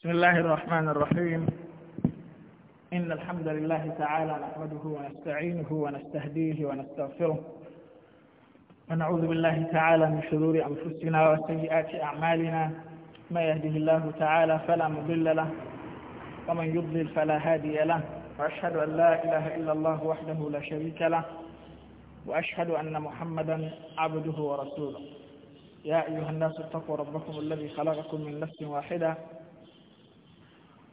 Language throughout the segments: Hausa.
بسم الله الرحمن الرحيم إن الحمد لله تعالى نحمده ونستعينه ونستهديه ونستغفره ونعوذ بالله تعالى من شرور أنفسنا وسيئات أعمالنا ما يهده الله تعالى فلا مضل له ومن يضلل فلا هادي له وأشهد أن لا إله إلا الله وحده لا شريك له وأشهد أن محمدا عبده ورسوله يا أيها الناس اتقوا ربكم الذي خلقكم من نفس واحدة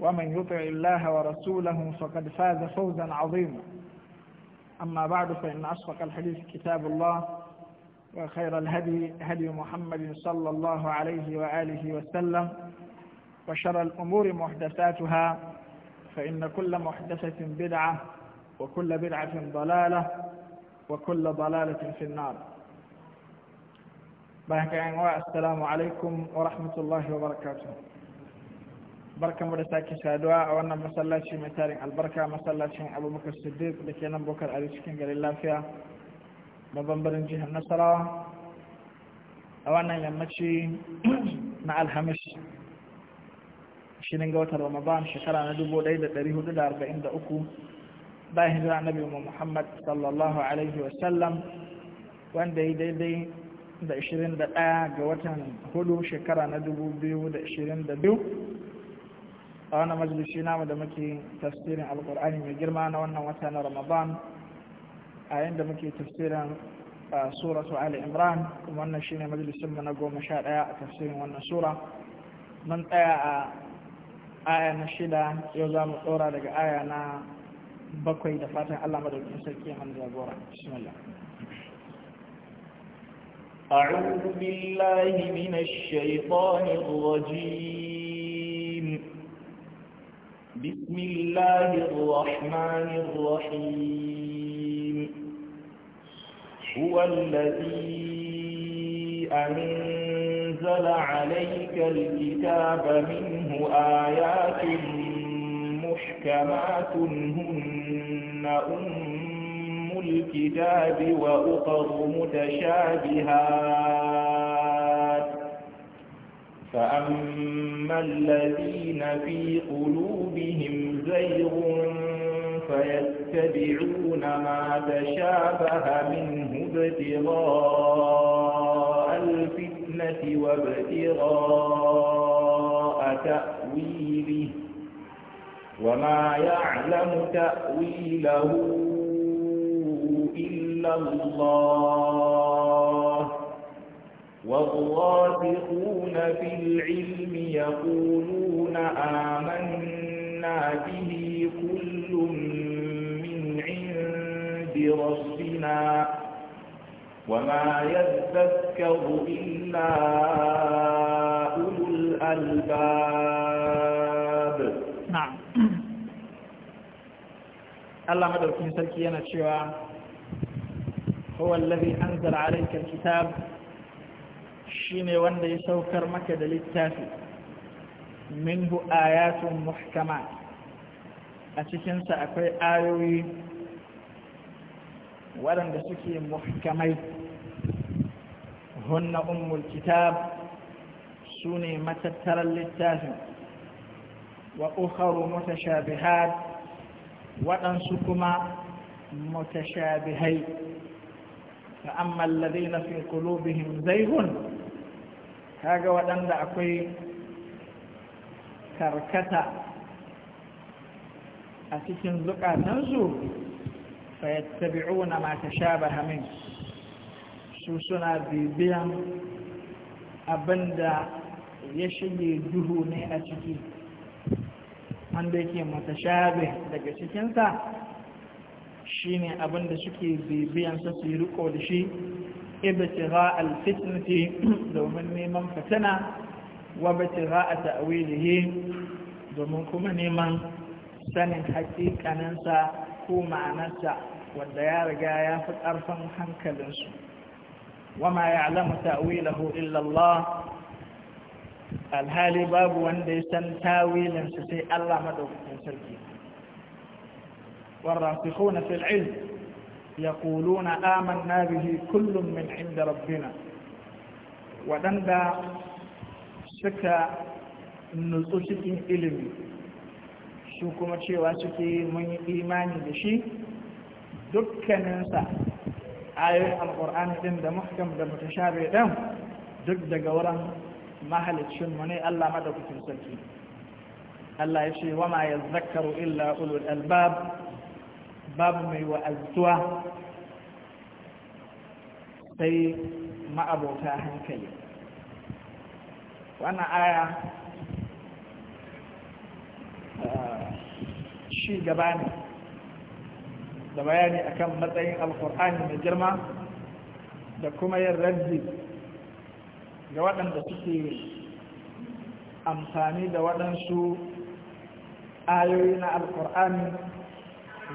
ومن يطع الله ورسوله فقد فاز فوزا عظيما أما بعد فإن أصدق الحديث كتاب الله وخير الهدي هدي محمد صلى الله عليه وآله وسلم وشر الأمور محدثاتها فإن كل محدثة بدعة وكل بدعة ضلالة وكل ضلالة في النار السلام عليكم ورحمة الله وبركاته barkamu da sake saduwa a wannan masallaci mai tarin albarka masallacin abubakar siddiq da ke nan bokar a cikin garin lafiya babban birnin jihar nasarawa a wannan yammaci na alhamis shirin ga watan ramadan shekara na 1443 bayan hijira annabi muhammad sallallahu alaihi wasallam wanda ya daidai da 21 ga watan hudu shekara na 2022 a wannan majalisi namu da muke tafsirin alkur'ani mai girma na wannan wata na ramadan a yadda muke tafsirin suratu ali imran kuma wannan shine ne mu na goma sha daya a tafsirin wannan sura mun tsaya a aya na shida yau za mu ɗora daga aya na bakwai da fatan allah madaukin sarki ya jagora bismillah أعوذ بالله من الشيطان الرجيم بسم الله الرحمن الرحيم هو الذي أنزل عليك الكتاب منه آيات محكمات هن أم الكتاب وأخر متشابهات فأما الذين في قلوبهم قلوبهم زيغ فيتبعون ما تشابه منه ابتغاء الفتنة وابتغاء تأويله وما يعلم تأويله إلا الله والراسخون في العلم يقولون آمنا به كل من عند ربنا وما يذكر إلا أولو الألباب نعم الله في سلكينا شواء هو الذي أنزل عليك الكتاب شيني وان يسوكر مكد للتافي minhu ayatun muhkama. a cikinsa akwai ayoyi waɗanda suke muhkamai hunna ummul kitab su ne matattarar littafin wa ukharu mutashabihat waɗansu kuma mutashabihai fa amma alladhina fi qulubihim zayghun kaga waɗanda akwai karkata a cikin zukatansu fayattabi'una mata tashabaha min su suna bibiyan abinda ya shige duhu ne a ciki wanda yake matashabih daga cikinsa shine abinda suke bibiyan sa su yi riko da shi ibtira alfitnati domin neman fatina wa batiha a ta'wilihi domin kuma neman sanin hakikaninsa ko ma'anarsa wanda ya riga ya fi ƙarfin hankalinsu wama ya alamu ta'wilahu illallah alhali babu wanda ya san tawilinsa sai Allah madaukakin sarki والراسخون في العلم يقولون آمنا به كل من عند ربنا ودندا suka nutsu cikin ilimi shi kuma cewa suke mun yi imani da shi dukkaninsa ayoyin Alƙur'ani din da muhkam da mutashabi din duk daga wurin mahalicin mu ne Allah madaukakin sarki Allah ya ce wa ma yazakkaru illa ulul albab babu mai wa'azuwa sai ma'abota hankali wannan aya shi eh, gaba ne da bayani akan matsayin alkur'ani mai girma da kuma yin raddi ga waɗanda suke amfani da waɗansu ayoyi na alkur'ani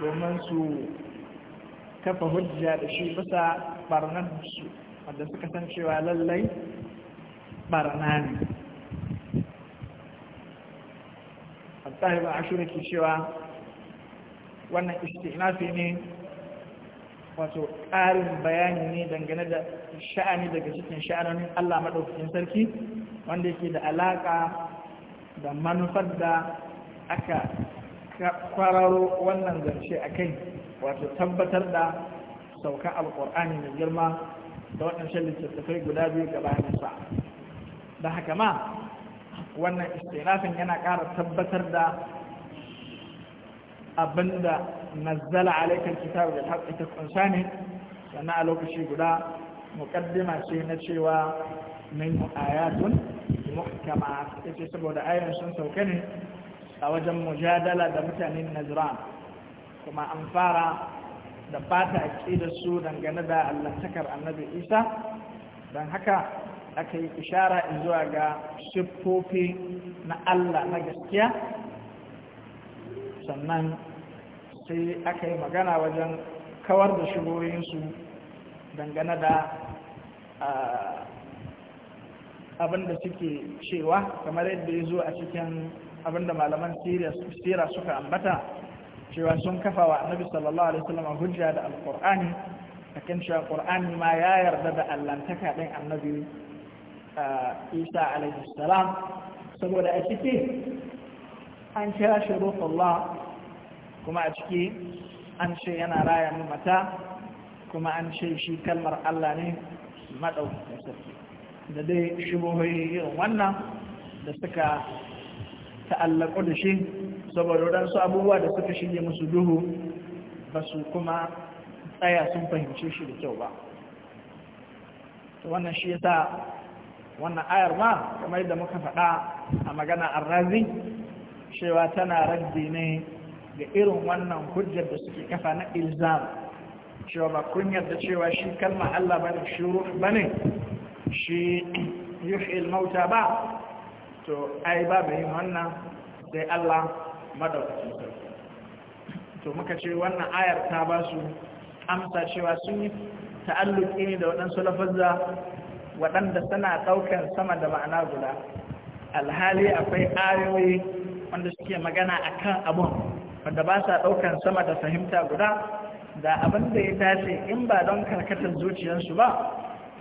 domin su kafa hujja da shi bisa barnan su wanda suka san cewa lallai barna ne abdullahi ba ke cewa wannan istihnafi ne wato ƙarin bayani ne dangane da sha'ani daga cikin sha'anonin Allah maɗaukacin sarki wanda yake da alaƙa da manufar da aka kwararo wannan zance a kai wato tabbatar da sauka alƙur'ani mai girma da waɗancan littattafai guda biyu gabaninsa. da haka ma wannan istilafin yana ƙara tabbatar da abinda nazzala alaikar kitabu da haƙƙi ta kunsa ne sannan a lokaci guda muƙaddima ce na cewa min ayatun muhkama ita saboda ayoyin sun sauka ne a wajen mujadala da mutanen najran kuma an fara da fata aƙidar su dangane da allantakar annabi isa don haka aka yi ishara zuwa ga siffofi na Allah na gaskiya sannan sai aka yi magana wajen kawar da shigoyinsu dangane da abin da suke cewa kamar yadda ya zo a cikin abin da malaman sira suka ambata cewa sun kafa wa annabi sallallahu alaihi wasallam hujja da alqur'ani akan cewa qur'ani ma ya yarda da allantaka din annabi isa alaihi salam saboda a ciki an kira shi Allah kuma a ciki an ce yana raya mata kuma an ce shi kalmar Allah ne maɗaukakin sarki da dai shubuhoyi irin wannan da suka ta'allaku da shi saboda waɗansu abubuwa da suka shige musu duhu ba su kuma tsaya sun fahimci shi da kyau ba wannan shi yasa wannan ayar ma kamar yadda muka faɗa a magana arrazi cewa tana raddi ne da irin wannan hujjar da suke kafa na ilzam cewa ba kun yarda cewa shi kalma Allah bane shi ruh bane shi yuhil mauta ba to ai bai yin wannan sai Allah madaukakin to muka ce wannan ayar ta ba su amsa cewa sun yi ta'alluki ne da waɗansu lafazza waɗanda suna ɗaukan sama da ma'ana guda alhali akwai ayoyi wanda suke magana a kan abun wanda ba sa ɗaukan sama da fahimta guda da abin da ya dace in ba don karkatar zuciyarsu ba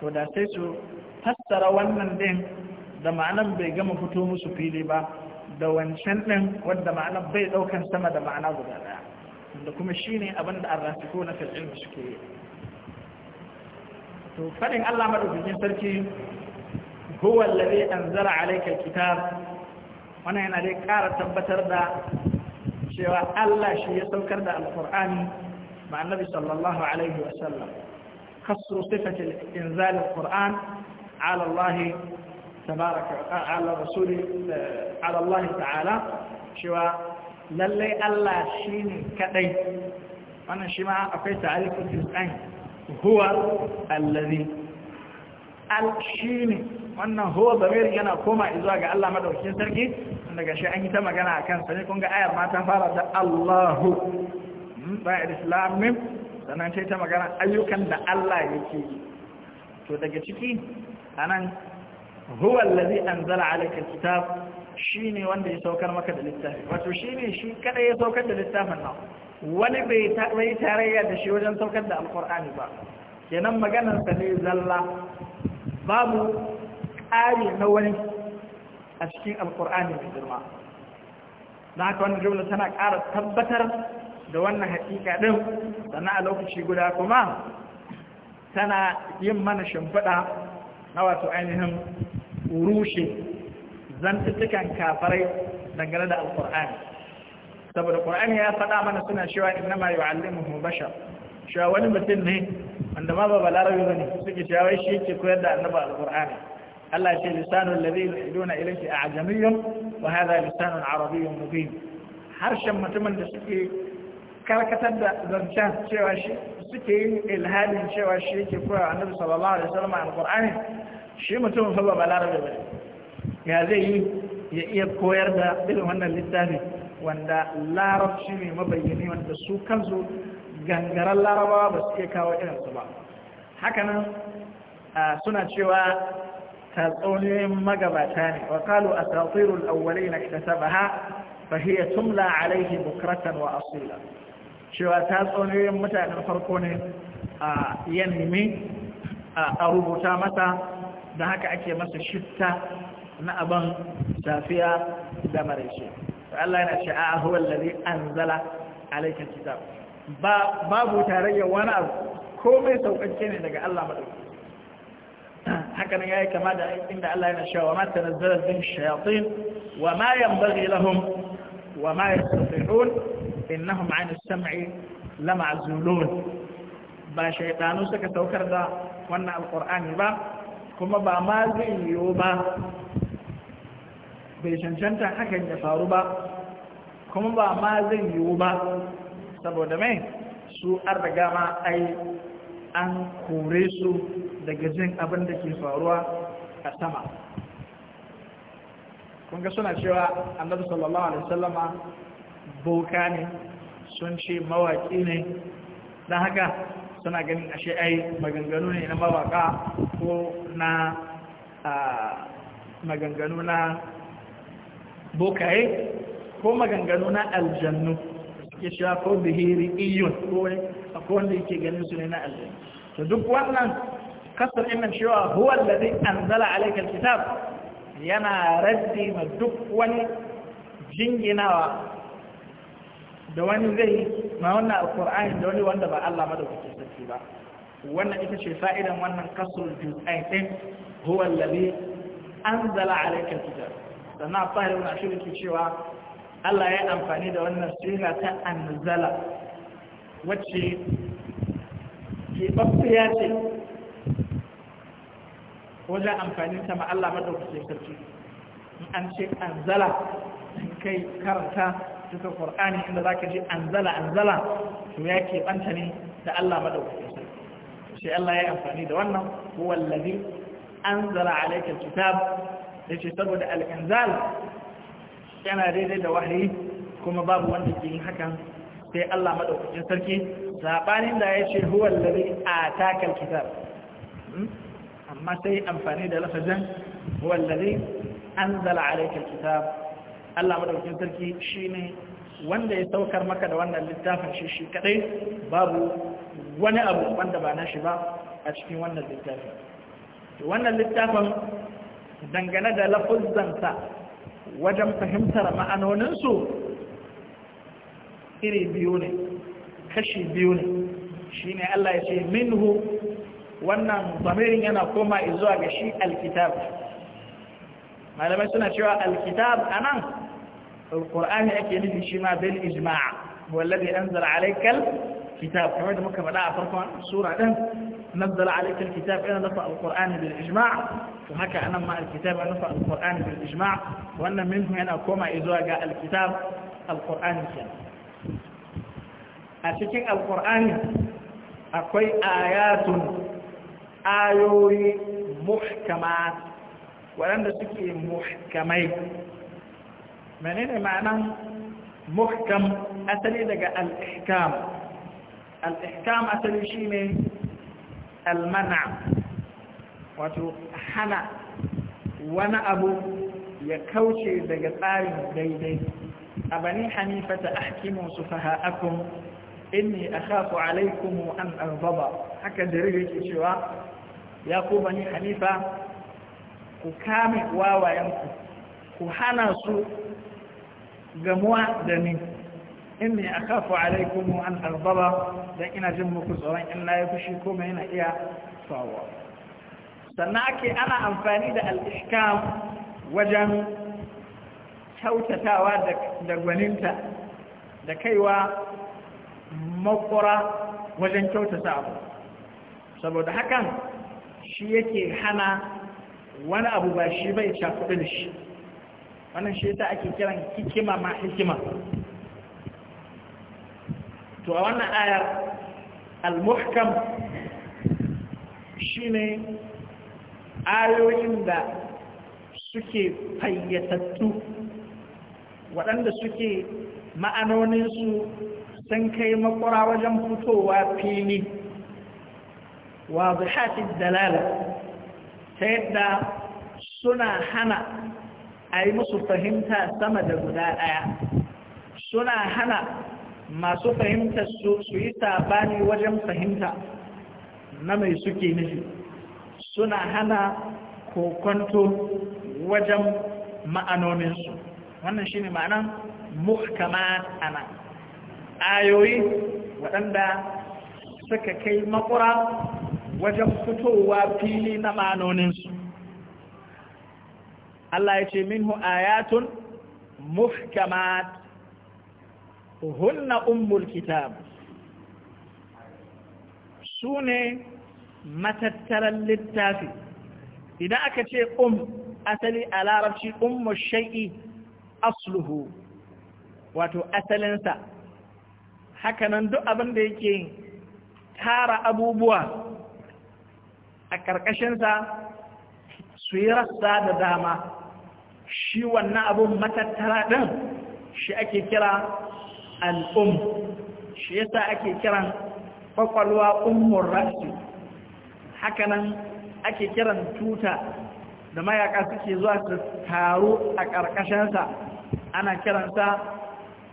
to da sai su fassara wannan ɗin da ma'anar bai gama fito musu fili ba da wancan ɗin wadda ma'anar bai ɗaukan sama da ma'ana guda ɗaya da kuma shine abin da arrasiko na fil'ilmi suke yi to fadin Allah madaukakin sarki huwa allazi anzala alayka alkitab wannan yana dai ƙara tabbatar da cewa Allah shi ya saukar da alqur'ani ba annabi sallallahu alaihi wa sallam kasru sifati inzal alqur'an ala Allah tabaraka ala rasuli ala Allah ta'ala cewa lallai Allah shi shine kadai wannan shi ma akwai ta'alifin tisani huwa allazi al shine wannan huwa zamiri yana koma zuwa ga Allah madaukakin sarki daga shi an yi ta magana a kansa ne kun ga ayar ma ta fara da Allahu hmm, bayan islamin sannan sai ta magana ayyukan da Allah yake to daga ciki anan huwa allazi anzala alayka alkitab shine wanda ya saukar maka da littafi wato shine shi kada ya saukar da littafin nan wani bai tarayya da shi wajen saukar da alkur'ani ba kenan maganarsa ne zalla babu ƙari na wani a cikin alkur'ani mai girma na haka wannan jumla tana ƙara tabbatar da wannan hakika ɗin sannan a lokaci guda kuma tana yin mana shimfiɗa na wato ainihin rushe zantuttukan kafarai dangane da alkur'ani saboda qur'ani ya faɗa mana suna cewa inna ma yu'allimuhu bashar cewa wani mutum ne wanda ma ba balarabi bane suke cewa shi yake koyar da annabi alqur'ani Allah ya ce lisanul ladhi yuhiduna ilayhi a'jamiyyun wa hadha lisanun arabiyyun mubin harshen mutumin da suke karkatar da zancen cewa shi suke yin ilhadin cewa shi yake koya annabi sallallahu alaihi wasallam alqur'ani shi mutumin fa ba balarabi bane ya zai yi ya iya koyar da irin wannan littafi wanda larabci ne mabayyani wanda su kansu gangaren larabawa ba su kawo irinsu ba hakanan suna cewa tatsuniyoyin magabata ne wa kalu a tsatsirul awwali na kitasabaha fahiyya tumla alaihi bukratan wa asila cewa tatsuniyoyin mutanen farko ne a yanimi a rubuta mata da haka ake masa shifta na abin safiya da maraice Allah yana ce a huwa allazi anzala alayka cita ba babu tarayya wani abu komai saukakke ne daga Allah madauki hakan ya yayi kama da inda Allah yana cewa ma tanazzalat bin shayatin wa ma yanbaghi lahum wa ma yastati'un innahum 'an as-sam'i lama'zulun ba shaydanu suka saukar da wannan alqur'ani ba kuma ba ma zai yiwu ba bai cancanta hakan ya faru ba kuma ba ma zai yiwu ba saboda mai su an riga ma ai an kore su daga jin abin da ke faruwa a sama Kun ga suna cewa annabi sallallahu alaihi wasallama boka ne sun ce mawaki ne don haka suna ganin ashe ai maganganu ne na mawaka ko na ah, maganganu na bokaye ko maganganu na aljannu ya sha ko bihiri iyun ko akwai wanda yake ganin su ne na aljannu to duk wannan kasar innan cewa huwa an anzala alayka kitab yana raddi ma duk wani jinginawa da wani zai ma wannan alqur'ani da wani wanda ba Allah madaukakin sarki ba wannan ita ce fa'idan wannan kasrul juz'ain din huwa an anzala alayka kitab. sannan a fahari wani ashirin ke cewa Allah ya yi amfani da wannan sila ta anzala wacce keɓaɓɓiya ce wajen amfanin ta ma'alla maɗaukacin sarki in an ce anzala in kai karanta cikin ƙor'ani inda za ka ji anzala anzala to ya ke keɓanta ne da Allah maɗaukacin sarki sai Allah ya yi amfani da wannan wallazi anzala alaikar kitab ya ce saboda al'inzal yana daidai da wahayi kuma babu wanda ke yin hakan sai Allah maɗaukacin sarki zaɓanin da ya ce huwa lalari a takal kitab hmm? amma sai amfani da lafazin huwa lalari an zala alaikal kitab Allah maɗaukacin sarki shi ne wanda ya saukar maka da wannan littafin shi shi kaɗai babu wani abu wanda ba na shi ba a cikin wannan littafin wannan littafin dangane da lafuzzansa wajen fahimtar ma'anoninsu iri biyu ne kashi biyu ne shi ne Allah ya ce minhu wannan zamirin yana koma izuwa ga shi alkitab malamai suna cewa alkitab a nan alkur'ani ake nufi shi ma bil ijma'a wallazi anzala alaikal كتاب كما دمك بلاء فرقا سورة ده نزل عليك الكتاب أنا نفع القرآن بالإجماع وهكا أنا مع الكتاب أنا نفع القرآن بالإجماع وأنا منهم أنا أقوم إذا جاء الكتاب القرآن كان أشكي القرآن أقوي آيات آيوي محكمات وأنا أشكي محكمي منين معنى محكم أتلي لك الإحكام al'ihkam asali shi ne almana wato hana wani abu ya kauce daga tsarin daidai a bani hanifata ahkimu su faha'akun inni akhafu alaikumu an arzaba haka jirgin ke cewa ya ku bani hanifa ku kame wawayenku ku hana su gamuwa da ni inni akhafu alaikum an aghdaba dan ina jin muku tsoron in na yi fushi ko mai yana iya sawa sannan ake ana amfani da al-ihkam wajen kyautatawa da gwaninta da kaiwa makura wajen kyautata abu saboda hakan shi yake hana wani abu ba shi bai cakudu da shi wannan shi ta ake kiran hikima ma hikima to a wannan ayar al-muhkam shine ayoyin da suke fayyatattu waɗanda suke ma'anoninsu sun kai makura wajen fitowa fili wa zuhatin dalala ta yadda suna hana a yi musu fahimta sama da guda ɗaya suna hana masu fahimtar su su yi sabani wajen fahimta na mai suke nufi suna hana kokonto wajen ma'anoninsu wannan shi ne ma'anan muhkamat ana ayoyi waɗanda suka kai makura wajen fitowa fili na ma'anoninsu Allah ya ce minhu ayatun muhkamat hunna ummul kitab su ne matattaran littafi idan aka ce um asali a larabci ummu shai'i asluhu wato asalinsa hakanan duk abin da yake tara abubuwa a ƙarƙashinsa su yi rassa da dama shi wannan abun matattara ɗin shi ake kira al'um shi yasa ake kiran kwakwalwa ummur ra'si hakanan ake kiran tuta da mayaka suke zuwa su taru a ƙarƙashinsa ana kiransa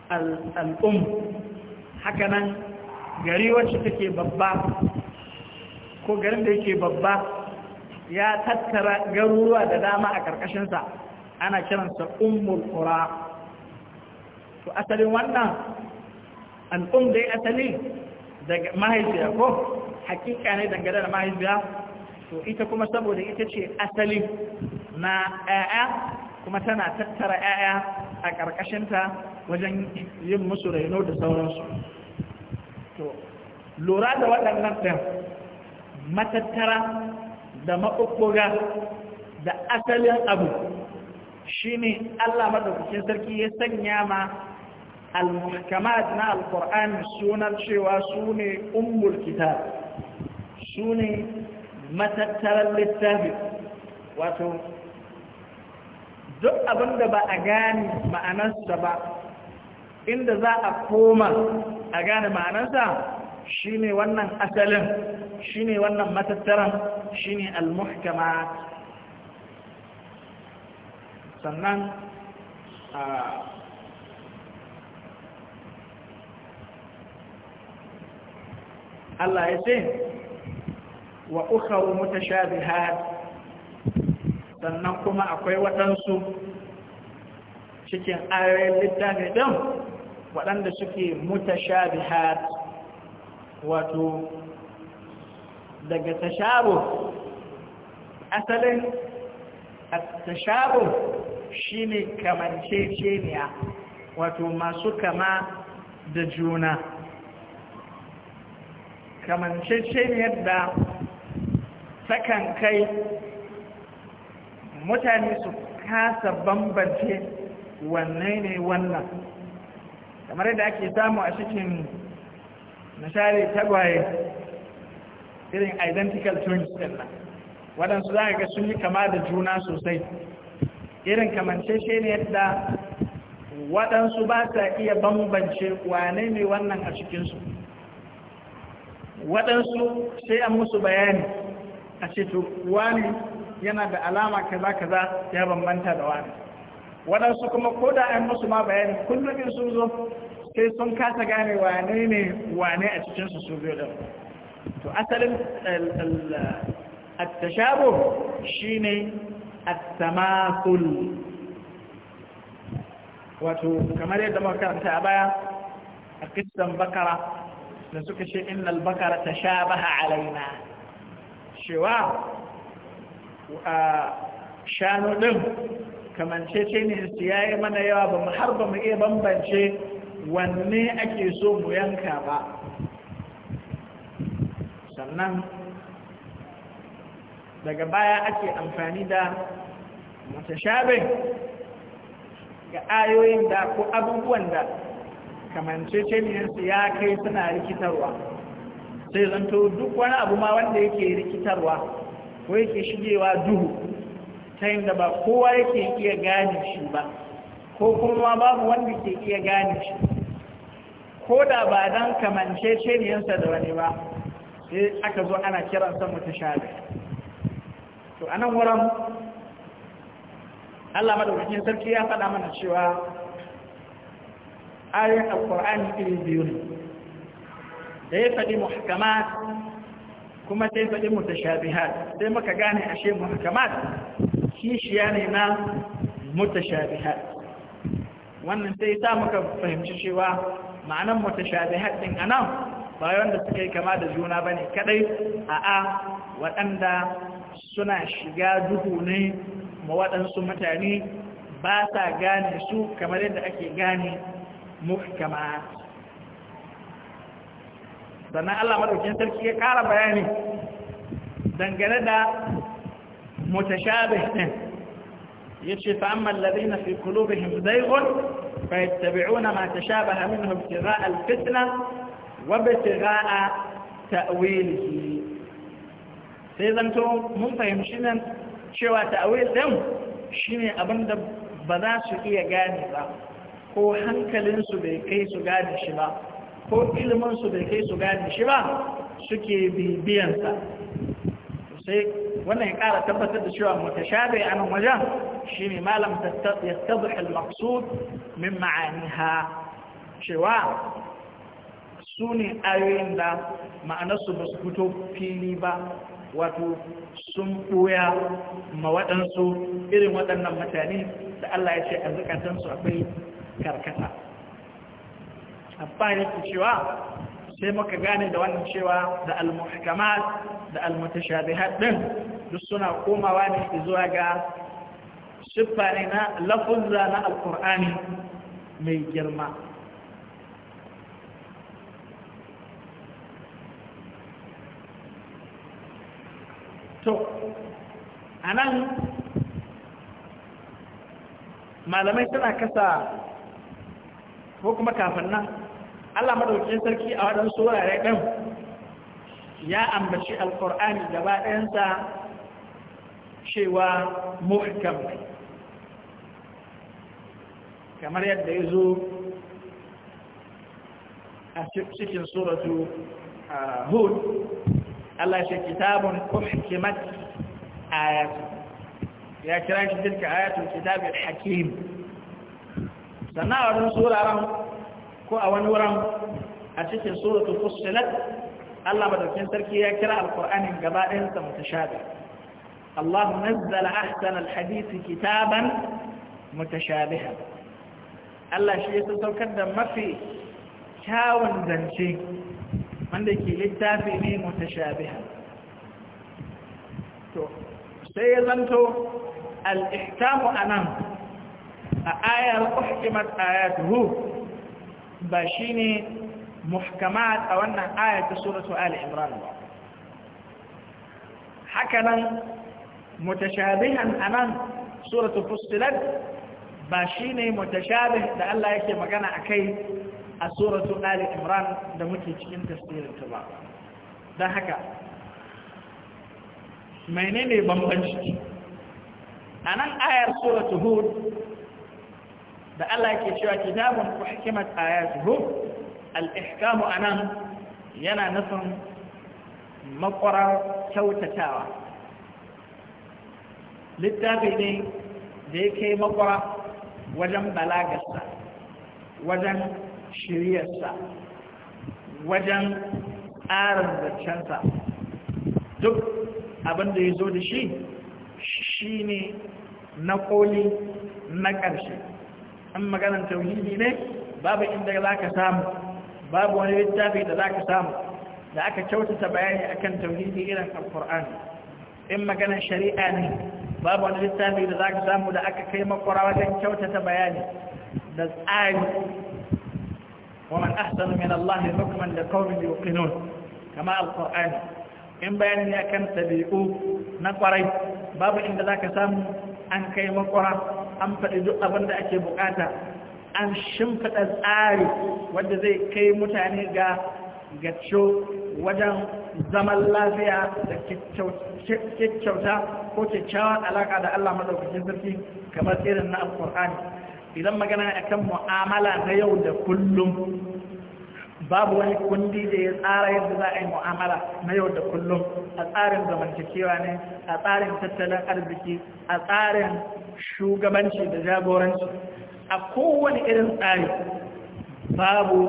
al'um hakanan gari wacce take babba ko garin da yake babba ya tattara garuruwa da dama a ƙarƙashinsa ana kiransa ummul ƙura to asalin wannan al'um dai asali daga mahaifiya ko hakika ne dangane da mahaifiya to ita kuma saboda ita ce asali na 'ya'ya kuma tana tattara 'ya'ya a ƙarƙashinta wajen yin musu raino da sauransu to lura da waɗannan ɗin matattara da maɓuɓɓuga da asalin abu shi ne allah maɗaukacin sarki ya sanya ma al-muhkamat na sunan cewa sune ummul kitab sune matattaran littafi wato duk abinda ba a gane ma'anarsa ba inda za a koma a gane ma'anarsa shine wannan asalin shine wannan matattaran shine al sannan a Allah ya ce wa ukharu mutashabihat sannan kuma akwai waɗansu cikin ayoyin littafin ɗin waɗanda suke mutashabihat wato daga tashabu asalin tashabu shine kamanceceniya wato masu kama da juna kamanceceniyar yadda takan kai mutane su kasa bambance wanne ne wannan kamar yadda ake samu a cikin misali tagwaye irin identical twins ɗin waɗansu za ga sun yi kama da juna sosai irin kamancece ne yadda waɗansu ba sa iya bambance wane ne wannan a cikinsu waɗansu sai an musu bayani a ce wani yana da alama kaza kaza ya bambanta da wani waɗansu kuma ko da an musu ma bayani kullum in sun zo sai sun kasa gane wane ne wane a cikinsu su biyu da to asalin shi ne التماثل wato kamar yadda muka karanta a baya a kissan bakara da suka ce innal bakara ta baha alaina cewa a shanu ɗin kamancece ne su ya mana yawa ba mu har ba mu iya bambance wanne ake so mu yanka ba sannan daga baya ake amfani da mutashabin ga ayoyin da ko abubuwan da kamanceceniyarsu ya kai suna rikitarwa sai zanto duk wani abu ma wanda yake rikitarwa ko yake shigewa duhu ta yin ba kowa yake iya gane shi ba ko kuma babu wanda ke iya gane shi ko da ba don kamanceceniyarsa da wani ba sai aka zo ana kiransa mutashabi to anan wurin Allah madaukakin sarki ya faɗa mana cewa ayoyin alkur'ani iri biyu ne da ya faɗi muhkamat kuma sai faɗi mutashabihat sai muka gane ashe muhkamat kishiya ne na mutashabihat wannan sai sa muka fahimci cewa ma'anan mutashabihat a nan, ba wanda suka yi kama da juna bane kadai a'a waɗanda suna shiga duhu ne ma waɗansu mutane ba sa gane su kamar yadda ake gane muhkamat sannan Allah madaukin sarki ya ƙara bayani dangane da mutashabih din yace fa ammal ladina fi qulubihim zayghun fayattabi'una ma tashabaha minhu ibtigha'a al-fitna wa ibtigha'a ta'wilihi sai zanto mun fahimci nan cewa ta'wil din shine abinda ba za su iya gane ba ko hankalinsu bai kai su gane shi ba ko ilminsu bai kai su gane shi ba suke bibiyansa sai wannan ya ƙara tabbatar da cewa mata a nan wajen shi ne malam ya tabi al-maqsud min ma'aniha cewa su ne ayoyin da ma'anarsu ba su fito fili ba wato sun ɓoya ma waɗansu irin waɗannan mutane da Allah ya ce a zukatansu akwai karkata abba ku cewa sai muka gane da wannan cewa da al-muhkamat da al-mutashabihat din duk suna komawa ne zuwa ga siffa na lafuzza na alkur'ani mai girma to anan malamai suna kasa ko kuma kafin nan Allah madaukakin sarki a waɗansu wurare ɗin ya ambaci alkur'ani gaba ɗayansa cewa muhkam kamar yadda ya zo a cikin suratu hud Allah shi kitabun uhkimat ayatu ya kira shi tilka ayatul kitabil hakim sannan a wani suraren ko a wani wurin a cikin suratu fussilat Allah madaukin sarki ya kira alqur'anin gaba ɗayan sa mutashabi Allah nazzala ahsana alhadisi kitaban mutashabiha Allah shi ya saukar da mafi kyawun zance wanda ke littafi ne mutashabiha to sai ya zanto al-ihkamu anan a ayar uhkimat ayatuhu ba shine muhkamat a wannan ayar ta suratu ali imran ba haka nan mutashabihan nan suratu fussilat ba shine mutashabih da Allah yake magana kai a suratu ali imran da muke cikin tasirinta ba don haka menene banbanci a nan ayar suratu hud da Allah yake cewa kitabun uhkimat ayatuhu al ihkam anan yana nufin makwara kyautatawa littafi ne da ya kai makwara wajen balagarsa wajen shiryarsa wajen tsarin zancensa duk abin da ya zo da shi shi ne na koli na ƙarshe in maganan tauhidi ne babu inda za ka samu babu wani littafi da za ka samu da aka kyautata bayani akan tauhidi irin alkur'ani in maganan shari'a ne babu wani littafi da za ka samu da aka kai makwara wajen kyautata bayani da tsari ومن أحسن من الله حكما لقوم يوقنون كما القرآن in bayani ne akan tabi'u na kwarai babu inda za ka samu an kai makwara an faɗi duk abin da ake bukata an shimfiɗa tsari wanda zai kai mutane ga gaco wajen zaman lafiya da kyakkyauta ko kyakkyawar alaka da Allah maɗaukacin sarki kamar irin na alƙur'ani idan magana kan mu'amala na yau da kullum babu wani kundi da ya tsara yadda za a yi mu'amala na yau da kullum a tsarin zamantakewa ne a tsarin tattalin arziki a tsarin shugabanci da jagoranci a kowane irin tsari babu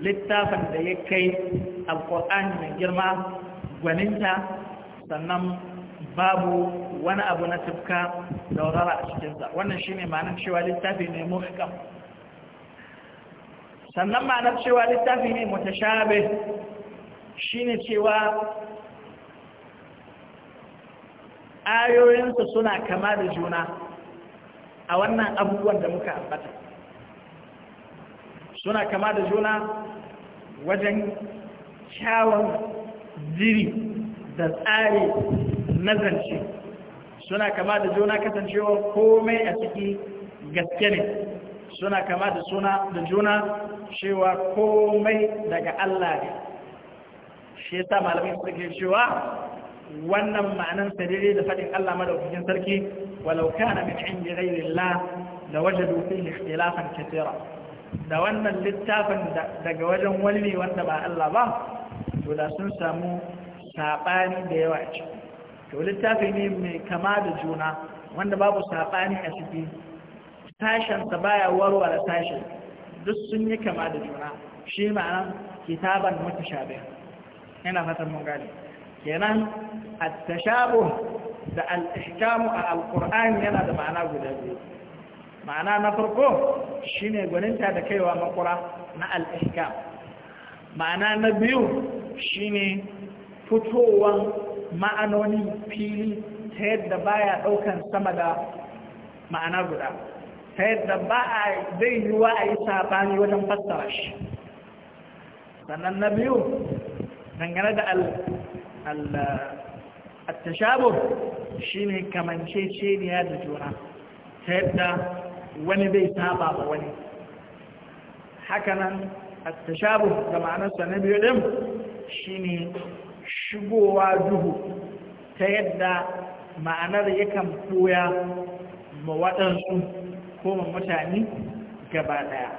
littafin da ya kai alkur'ani mai girma gwaninta sannan babu wani abu na tufka daurara a cikinsa wannan shine ma'anar cewa littafi ne muhkam sannan ma'anar cewa littafi ne mutashabe shine cewa ayoyinsa suna kama da juna a wannan abubuwan da muka ambata suna kama da juna wajen kyawun ziri da tsari na suna kama da juna kasancewa komai a ciki gaske ne suna kama da suna da juna cewa komai daga Allah ne shi yasa malamin suke cewa wannan ma'anan daidai da faɗin Allah madaukakin sarki ولو كان من عند غير الله لوجدوا فيه اختلافا كثيرا da wannan littafin daga wajen wani wanda ba Allah ba to da sun samu saɓani da yawa ce to littafi ne mai kama da juna wanda babu saɓani a ciki sashensa baya warware sashen duk sun yi kama da juna shi ma'anan kitaban mutashabih ina fatan mun gane kenan a tashabuh da al a Alƙur'ani yana da ma'ana guda biyu ma'ana na farko shine gwaninta da kaiwa makura na al ma'ana na biyu shine fitowan ma'anoni fili ta yadda baya ɗaukan sama da ma'ana guda ta yadda ba a zai yi ruwa a yi sabani wajen fassara shi sannan na biyu dangane da al-tashabur Shi ne shine kamanceceniya da juna ta yadda wani bai saba ba wani hakanan a tashabu da ma'anarsa na biyu ɗin ne shigowa duhu ta yadda ma'anar yakan ɓoya ma waɗansu ko ma mutane gaba ɗaya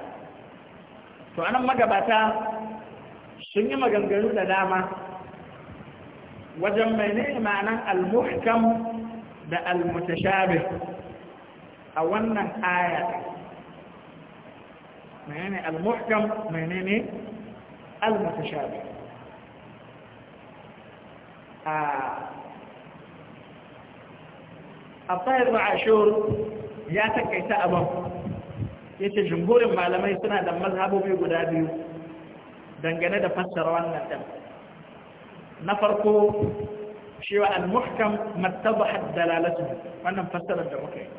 to anan magabata sun yi maganganu da dama وجمعينيه معنى المحكم ده آية. المتشابه أولنا آية معنى المحكم معنى المتشابه الطاهر عاشور ياتك كيسا أبو يتي جمهور المعلمين سنة دم مذهبوا بيقوداديو دنجنة دفتر وانا دمت na farko cewa al-muhkam mattabahat dalalatu wannan fassarar da muka yi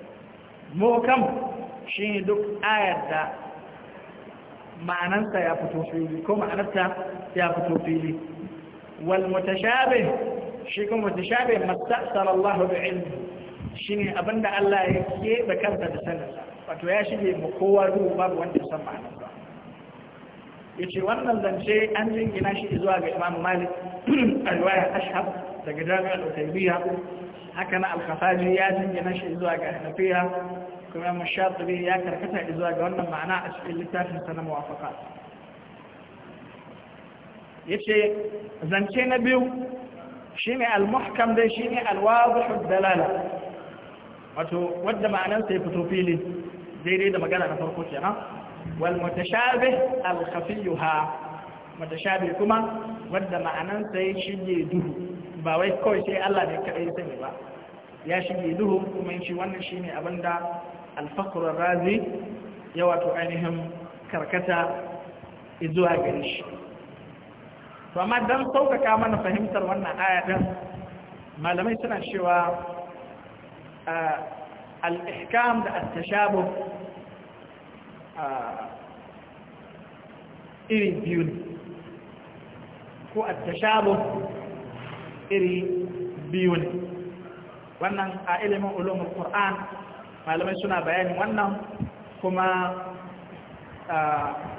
muhkam shine duk ayar da ma'anarsa ya fito fili ko ma'anarta ya fito fili wal mutashabih shi kuma mutashabih mastasar Allah bi ilmi shine abinda Allah ya ke da kansa da sanin wato ya shige mu kowa duk babu wanda san ma'anarsa yace wannan zance an jingina shi zuwa ga Imam Malik alwaya ashab Ashhab daga Jami'ar Utaybiyya haka na Al-Khafaji ya jingina shi zuwa ga Hanafiya kuma Imam Shatibi ya karkata zuwa ga wannan ma'ana a cikin littafin sa na Muwafaqat yace zance na biyu shine al-muhkam dai shine al-wadih ad-dalala wato wanda ma'anar sai fito fili daidai da magana na farko kenan wal mutashabih al khafiyuha mutashabih kuma wanda ma'anan sai shige duhu ba wai kawai sai Allah ne kaɗai sani ba ya shige duhu kuma shi wannan shi ne abin da ar razi ya wato ainihin karkata zuwa gare shi amma dan sauƙaƙa mana fahimtar wannan aya malamai suna cewa al-ihkam da at-tashabuh iri biyu ko a tashabu iri biyu wannan a ilimin ulumin Kur'an, malamai suna bayanin wannan kuma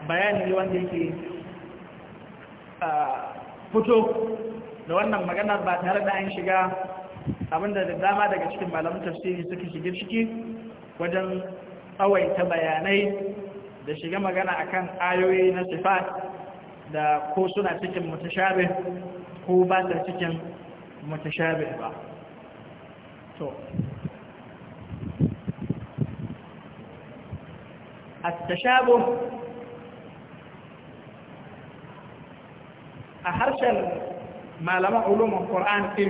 bayani wanda yake fito da wannan maganar ba tare da an shiga abinda da dama daga cikin malamin tafsiri suka shige ciki wajen tsawaita bayanai da shiga magana akan ayoyi na sifat da ko suna cikin mutashabih ko ba ta cikin mutashabih ba to التشابه أحرش معلمة علوم القرآن في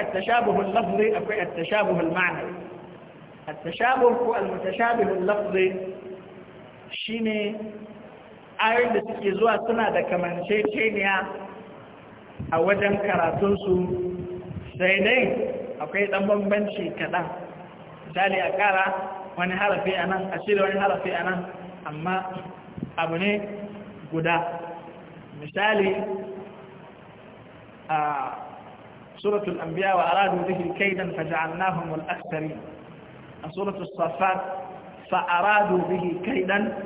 التشابه اللفظي أو التشابه المعنوي التشابه هو المتشابه اللفظي shine ayoyin da suke zuwa suna da kamanceceniya a wajen su, sai dai akwai ɗan bambanci kaɗan misali a ƙara wani harafi a nan a shirya wani harafi a nan amma abu ne guda misali a suratul anbiya wa aradu bihi kaidan faja'alnahum al-aktharin سورة الصفات فأرادوا به كيدا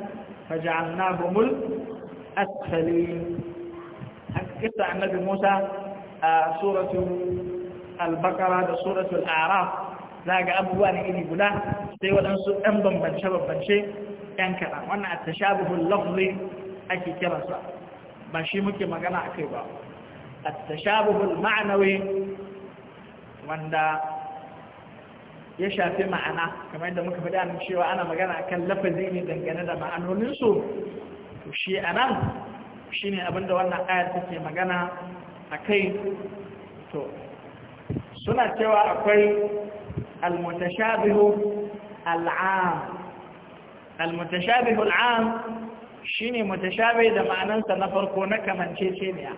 فجعلناهم الأسفلين قصة نبي موسى آه، سورة البقرة سورة الأعراف لاقى أبوان إلي بلا سيوى الأنسو أنضم من شباب من شيء كان يعني كذا وأن التشابه اللفظي أكي كرسا ماشي مكي مغانا أكيبا التشابه المعنوي وأن ya shafi ma'ana kamar yadda muka faɗi an cewa ana magana akan lafazi ne dangane da ma'anoninsu shi a nan shi ne abinda wannan ayar take magana a kai to suna cewa akwai almutashabihu al'am almutashabihu al'am shi ne mutashabi da ma'anansa na farko na kamanceceniya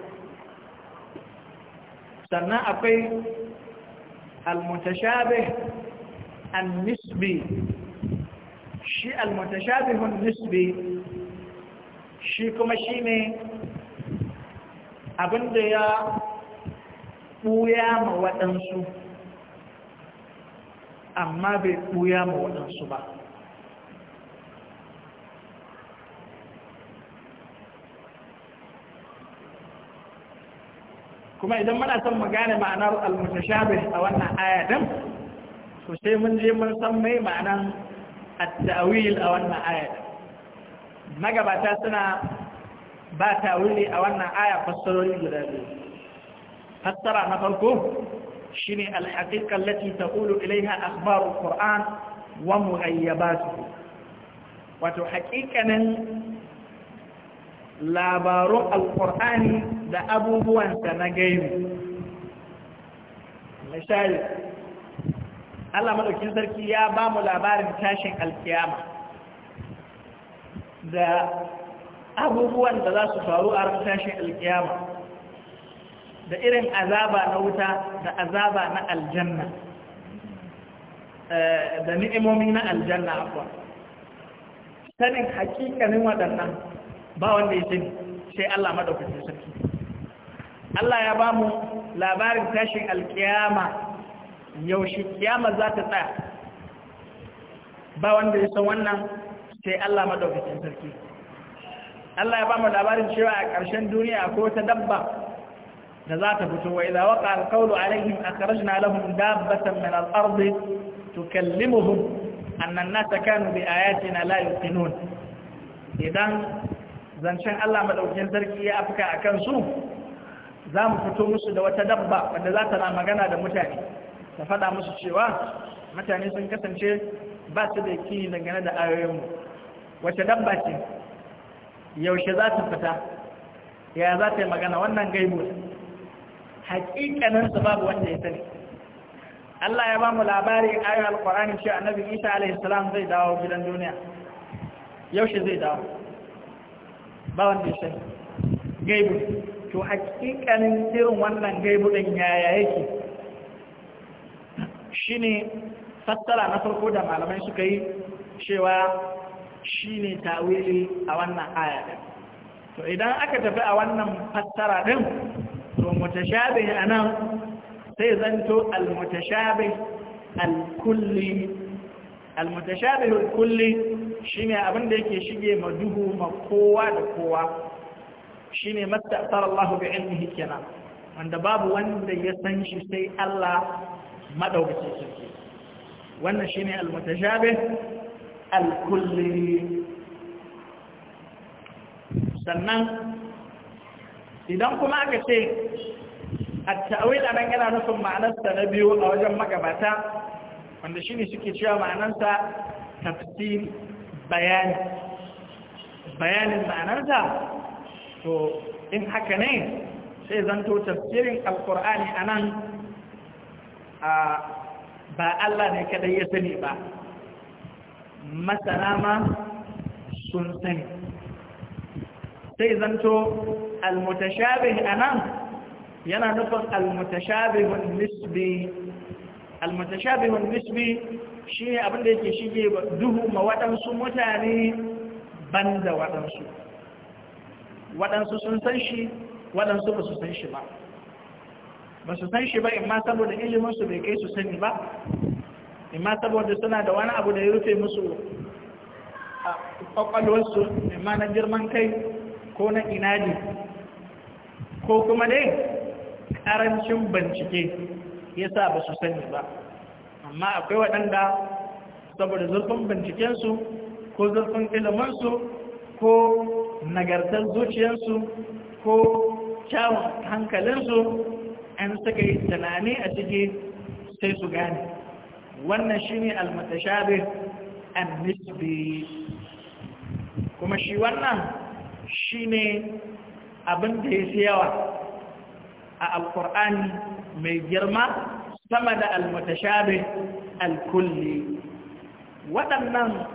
sannan akwai almutashabih النسبي شيء المتشابه nisbi shi kuma shi ne abinda ya ɓuya ma waɗansu amma bai ɓuya ma waɗansu ba kuma idan muna son mu gane ma'anar al a wannan ayatin to sai mun je mun san mai ma'anan at-ta'wil a wannan ayat magabata suna ba ta'wili a wannan aya fassarori guda biyu fassara na farko shine al-haqiqa allati taqulu ilayha akhbaru al-qur'an wa mughayyabatuhu wato haƙiƙanin labarun alƙur'ani da abubuwansa na gaibu misali Allah maɗaukin sarki ya ba mu labarin tashin alkiyama da abubuwan da za su faru a ran tashin alkiyama da irin azaba na wuta da azaba na aljanna eh, da ni'imomi na aljanna akwai sanin hakikanin waɗannan ba wanda ya sani sai Allah madaukakin sarki Allah ya ba mu labarin tashin alkiyama yaushe kiyama za ta tsaya ba wanda ya san wannan sai Allah madaukakin sarki Allah ya ba mu labarin cewa a ƙarshen duniya ko ta dabba da za ta fito wa idza waqa alqawlu alaihim akhrajna lahum dabbatan min al-ard tukallimuhum anna an-nasa kanu bi ayatina la yuqinun idan zancen Allah madaukakin sarki ya afka akan su za mu fito musu da wata dabba wanda za ta na magana da mutane ta faɗa musu cewa mutane sun kasance ba su da kini dangane da ayoyinmu wace dabba ce yaushe za ta fita ya za ta yi magana wannan gaibu hakikanin su babu wanda ya sani Allah ya ba mu labari ayoyin alkur'ani cewa annabi Isa alaihi salam zai dawo gidan duniya yaushe zai dawo ba wanda ya sani gaibu to hakikanin irin wannan gaibu din yaya yake shine fassara na farko da malamai suka yi cewa shine tawili a wannan aya din to idan aka tafi a wannan fassara din to mutashabih anan sai zanto al-mutashabih al-kulli al-mutashabih al-kulli shine abin da yake shige ma duhu ma kowa da kowa shine matta Allah bi ilmihi kenan wanda babu wanda ya san shi sai Allah madaukacin sarki wannan shine al-mutashabih al-kulli sannan idan kuma aka ce at-ta'wil anan yana nufin sa na biyu a wajen magabata wanda shine suke cewa ma'anar sa tafsir bayani bayanin ma'anar ma'anarsa to in haka ne sai zanto tafsirin alkur'ani anan ba Allah ne kadai ya sani ba masana ma sun sani sai zanto a anan yana nufin almutashabihun nisbi almutashabihun nisbi shine abin da yake shige duhu ma waɗansu mutane banda waɗansu waɗansu sun san shi waɗansu ba su san shi ba ba su san shi ba in ma saboda iliminsu bai kai su sani ba in ma saboda suna da wani abu da ya rufe musu a kwakwalwarsu in ma na girman kai ko na inadi ko kuma dai karancin bincike ya sa ba su sani ba amma akwai waɗanda saboda zurfin bincikensu ko zurfin iliminsu ko nagartar zuciyarsu ko kyawun hankalinsu an suka yi tunani a ciki sai su gane wannan shi ne almatashabir an nisbi kuma shi wannan shi ne abin da ya fi yawa a alkur'ani mai girma sama da almatashabir alkulli waɗannan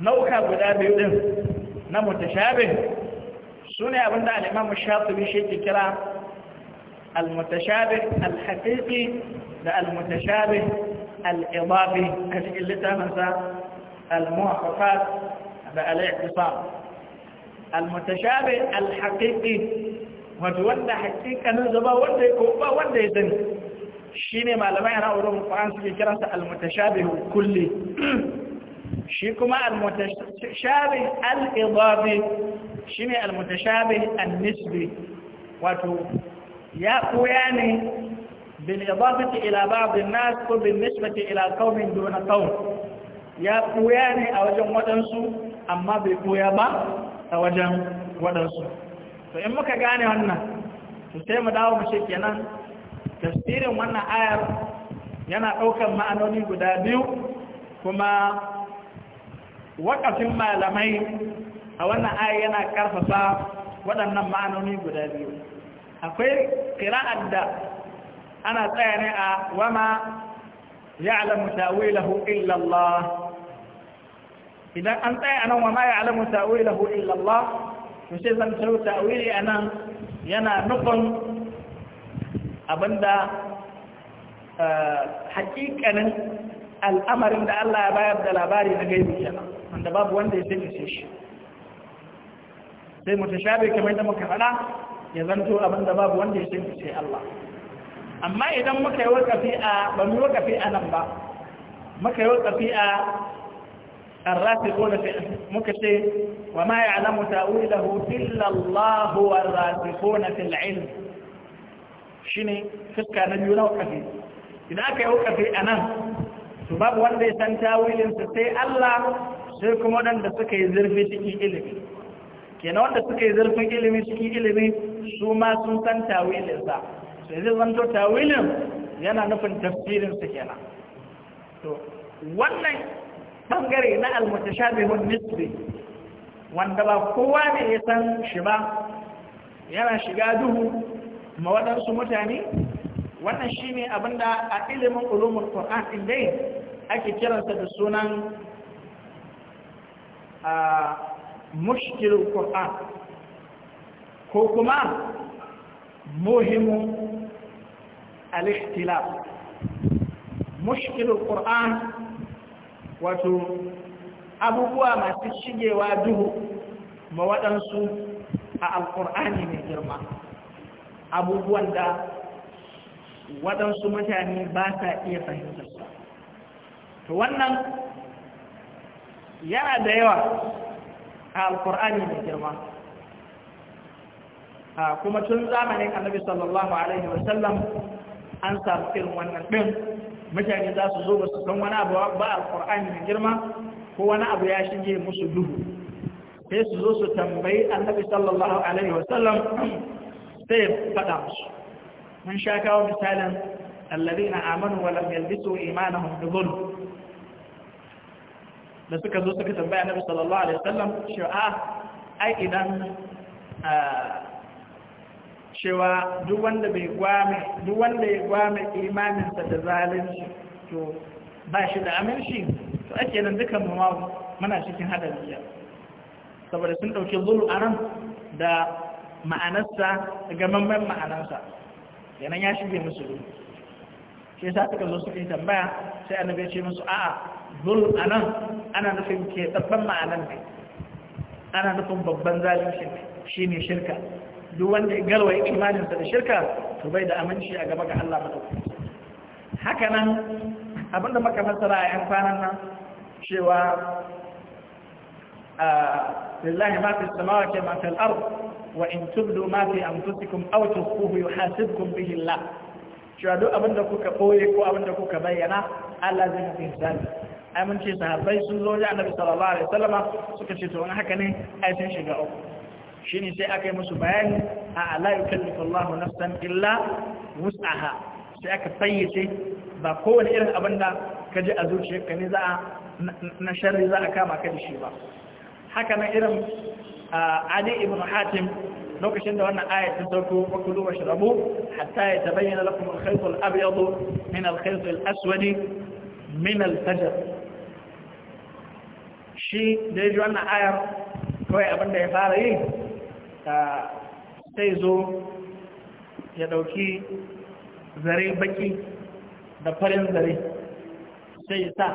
nauka guda biyu ɗin na mutashabir سوني أبن دعا الإمام الشاطبي شيء الكلام المتشابه الحقيقي المتشابه الإضافي اللي تمسى المعرفات بالاعتصام المتشابه الحقيقي وتوند حقيقة نزبا وند كوبا وند يدن شيني ما لم يرى أولو المتشابه كلي shi kuma al-mutashabih al-idabi shine al-mutashabih an-nisbi wato ya koya ne bil idafati ila ba'd an-nas ko bin nisbati ila qaumin duna qaum ya koya ne a wajen wadansu amma bai koya ba a wajen wadansu to in muka gane wannan to sai mu dawo mu ce kenan tafsirin wannan ayar yana ɗaukar ma'anoni guda biyu kuma wakafin malamai a wannan aya yana karfafa waɗannan ma'anoni guda biyu akwai kira'ar da ana tsaya ne a wama ya'lamu ta'wilahu illa Allah idan an tsaya anan wama ya'lamu ta'wilahu illa Allah to sai zan tsawo ta'wili anan yana nufin abinda hakikanin al'amarin da Allah ya bayar da labari na gaibi kenan wanda babu wanda ya sai ishe shi sai mutashabi kamar da muka faɗa ya zanto abin da babu wanda ya sai ishe Allah amma idan muka yi wakafi a ba mu wakafi a nan ba muka yi wakafi a arrafi ko da muka ce wa ma ya'lamu ta'wilahu illa Allah wa ko na fil shi ne fuska na biyu na wakafi idan aka yi wakafi a nan to babu wanda ya san tawilinsa sai Allah sai kuma waɗanda suka yi zurfi cikin ilimi na wanda suka yi zurfin ilimi cikin ilimi su ma sun san tawilinsa sai zai zanto tawilin yana nufin su kenan to wannan bangare na wani nisbi wanda ba kowa ne ya san shi ba yana shiga duhu ma waɗansu mutane wannan shi shine abinda a ilimin ulumul qur'an din dai ake kiransa da sunan a mushkilul qur'an ko kuma muhimmin al mushkilin mushkilul wato abubuwa masu shigewa duhu ma waɗansu a alƙur'ani mai girma abubuwan da waɗansu mutane ba sa iya fahimtarsa to wannan yana da yawa a alkur'ani mai girma kuma tun zamanin annabi sallallahu alaihi wasallam an samu irin wannan ɗin mutane za su zo ba su san wani abu ba alkur'ani mai girma ko wani abu ya shige musu duhu sai su zo su tambayi annabi sallallahu alaihi wasallam sai faɗa musu mun sha kawo misalin الذين آمنوا ولم يلبسوا إيمانهم بظلم da suka zo suka tambaya annabi sallallahu alaihi sallam, cewa ah, ai idan ah, cewa duk wanda bai ya gwame imaninsa da zalunci to ba shi da aminci to ake nan dukan mu muna cikin hadari saboda sun dauke zulu nan da ma'anarsa gamamman ma'anarsa yanan ya shige musulun. shi yasa suka zo suka yi tambaya sai annabi ya ce musu a zul anan ana nufin ke tsabban ma'anan ne ana nufin babban zalunci ne shirka duk wanda ya garwa imanin sa da shirka to bai da aminci a gaba ga Allah madaukaki haka nan abinda muka fassara a yan kwanan nan cewa ah, lillahi ma fi samawati ma fil ard wa in tubdu ma fi anfusikum aw tukhfuhu yuhasibkum bihi Allah cewa duk abin da kuka ɓoye ko abin da kuka bayyana Allah zai mafi hisabi ai mun ce sahabbai sun zo wajen annabi sallallahu alaihi wasallam suka ce to wani haka ne ai sun shiga uku shine sai aka yi musu bayani a la yukallifu Allahu nafsan illa wus'aha sai aka fayyace ba kowane irin abin da ka ji a zuciyarka ne za a na sharri za a kama ka da shi ba haka nan irin Ali ibn Hatim lokacin da wannan ayat ta sauko fakulu wa shrabu hatta yatabayyana lakum al-khayt al-abyad min al-khayt al-aswad min al-fajr shi da yaji wannan ayar kawai abinda ya fara yi sai zo ya dauki zare baki da farin zare sai sa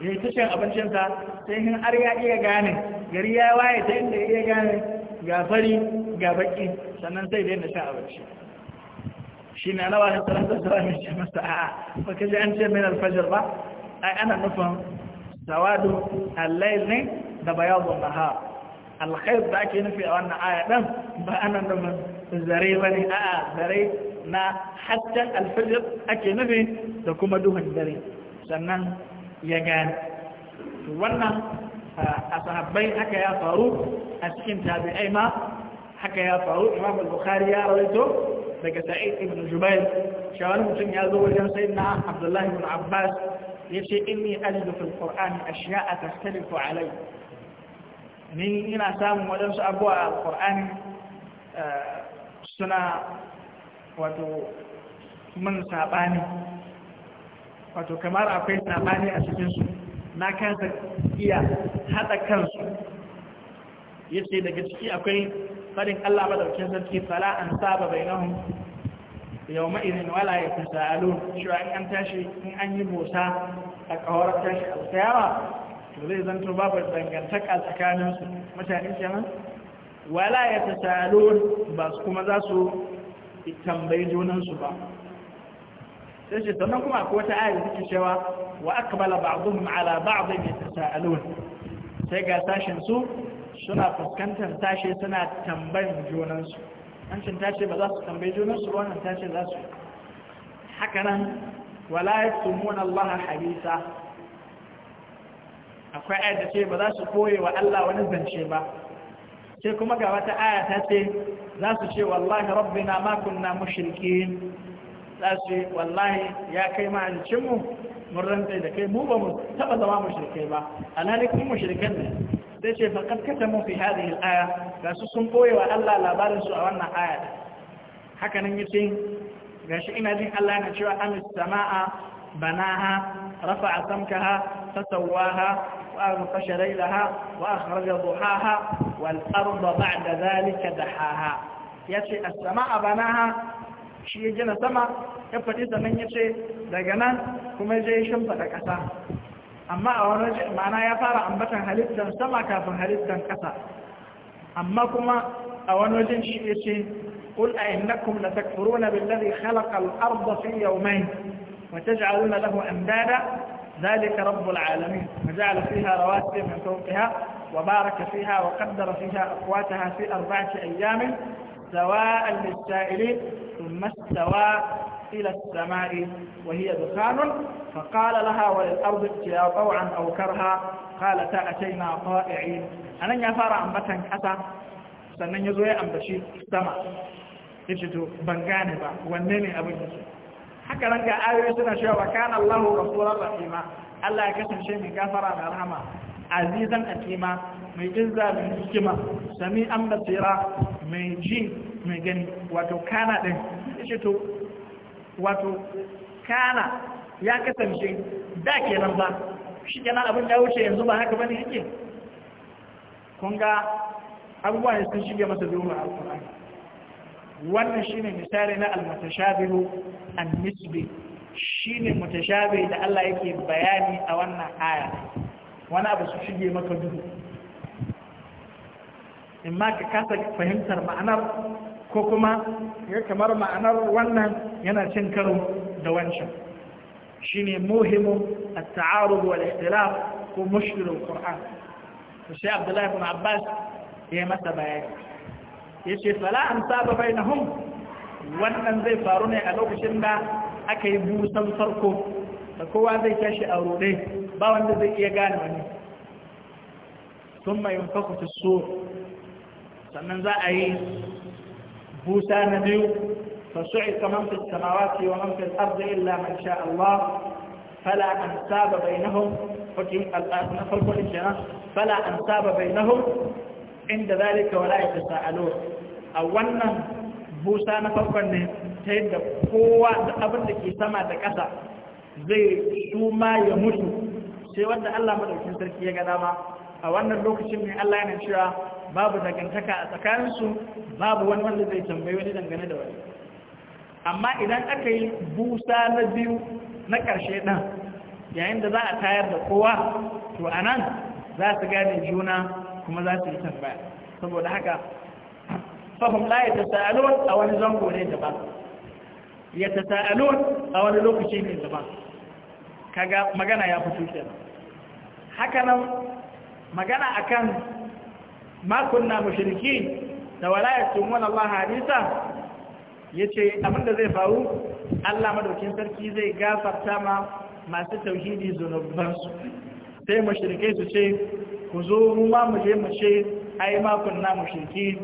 ya yi tushen abincinsa sai hin har ya iya gane gari ya waye ta inda ya iya gane ga fari ga baki sannan sai daina sha abinci shi na rawa da salatu sara mai ce masa a'a ba ka ji an ce min alfajar ba ai ana nufin sawadu da ne da bayadun ha alkhair da ake nufi a wannan aya din ba ana nufin zare ba ne a'a zare na haccan alfajar ake nufi da kuma duhun dare sannan ya gane wannan أصحابين حكى يا فاروق أسكن تابعي ما حكا يا فاروق إمام البخاري يا رويته بك سعيد بن جبير جبيل مسلم يا يذو يا سيدنا عبد الله بن عباس يا شيخ إني أجد في القرآن أشياء تختلف علي من هنا سام وجنس أبواء القرآن آه، سنة وتو من ساباني وتو كمار أفيد ساباني أسكن سنة na kasa iya haɗa kansu ya ce daga ciki akwai farin Allah madaukin sarki Sala, an saba bai nahun yau ma'irin wala ya fi sa'alu cewa in an tashi in an yi bosa a ƙawarar tashi alkayama to zai zanto babu dangantaka tsakaninsu mutane nan wala ya fi sa'alu ba su kuma za su tambayi junansu ba sai ce sannan kuma ko ta ayar take cewa wa akbala ba'dhum ala ba'd yatasaalun sai ga sashin su suna fuskantar tashe suna tambayin junansu su hancin tashi ba za su tambayi junansu su wannan tashe za su haka nan wala yaktumuna Allah hadisa akwai ayar da ce ba za su koye wa Allah wani zance ba sai kuma ga wata aya ta ce za su ce wallahi rabbina ma kunna mushrikin za wallahi ya kai mahancinmu mun rantse da kai mu ba mu taɓa zama mushrikai ba alhali kun mushrikan ne sai ce faƙar kata mu fi hadhihi aya ga su sun boye wa Allah labarin su a wannan aya haka nan yace gashi ina jin Allah yana cewa amis samaa banaha rafa'a samkaha fasawaha وأغطش ليلها وأخرج ضحاها والأرض بعد ذلك دحاها يتي السماء بناها shi ya gina sama ya faɗi zaman ya ce daga nan kuma je shimfaɗa ƙasa amma a wani ma'ana ya fara ambatan halittar sama kafin halittar ƙasa amma kuma a wani wajen shi ya ce قل أئنكم لتكفرون بالذي خلق الأرض في يومين وتجعلون له أندادا ذلك رب العالمين وجعل فيها رواسي من فوقها وبارك فيها وقدر فيها أقواتها في أربعة أيام سواء للسائلين ثم استوى إلى السماء وهي دخان فقال لها وللأرض اتيا طوعا أو كرها قالتا أتينا طائعين أنا نفر عن بطن حتى سنن يزوي عن بشي استمع يجدوا بنغانبا ونني أبو يسوي حكا لنقى آيو يسنا شوى وكان الله رسول الرحيم الله يكسن شيء من كفر من الحمام azizan akima mai izza mai hikima sami an basira mai ji mai gani wato kana ɗin to wato kana ya kasance da kenan ba shi kenan abin da wuce yanzu ba haka bane yake kun ga abubuwa ne sun shige masa zuwa alƙur'ani wannan shine misali na al-mutashabihu an-nisbi shine mutashabi da Allah yake bayani a wannan aya wani abu su shige maka duhu in ma ka kasa fahimtar ma'anar ko kuma ya kamar ma'anar wannan yana cin karo da wancan shine muhimu a taarud wal ikhtilaf ko mushkil al-qur'an to sai abdullahi ibn abbas ya masa bayani yace fala ansaba bainahum wannan zai faru ne a lokacin da aka yi busan farko da kowa zai tashi a rode ba wanda zai iya gane wani sun mai mafakuta so sannan za a yi busa na biyu fasu'i kamar fi samawa ke wa man fi arzi illa man Allah fala an saba bai na hun fakin al'adu na farko ijina fala an saba bai na inda zalika wala ya fi sa'alo a wannan busa na farko ne ta yadda kowa da abin da ke sama da ƙasa zai suma ya mutu sai wanda Allah madaukin sarki ya ga dama a wannan lokacin ne Allah yana cewa babu dangantaka a tsakaninsu babu wani wanda zai tambayi wani dangane da wani amma idan aka yi busa na biyu na ƙarshe ɗan yayin da za a tayar da kowa to a nan za su gane juna kuma za su yi tambaya saboda haka fahim la ya tasa'alun a wani zango ne daban ya tasa'alun a wani lokaci ne daban kaga magana ya fito kenan Haka nan, magana a makon makunna mashirki da walayatun wani Allah hadisa ya ce abinda zai faru Allah madaukin sarki zai gafarta ma masu tauhidi zunubansu sai mashirki su ce ku zo mu ma mu je mu ce ai makunna mashirki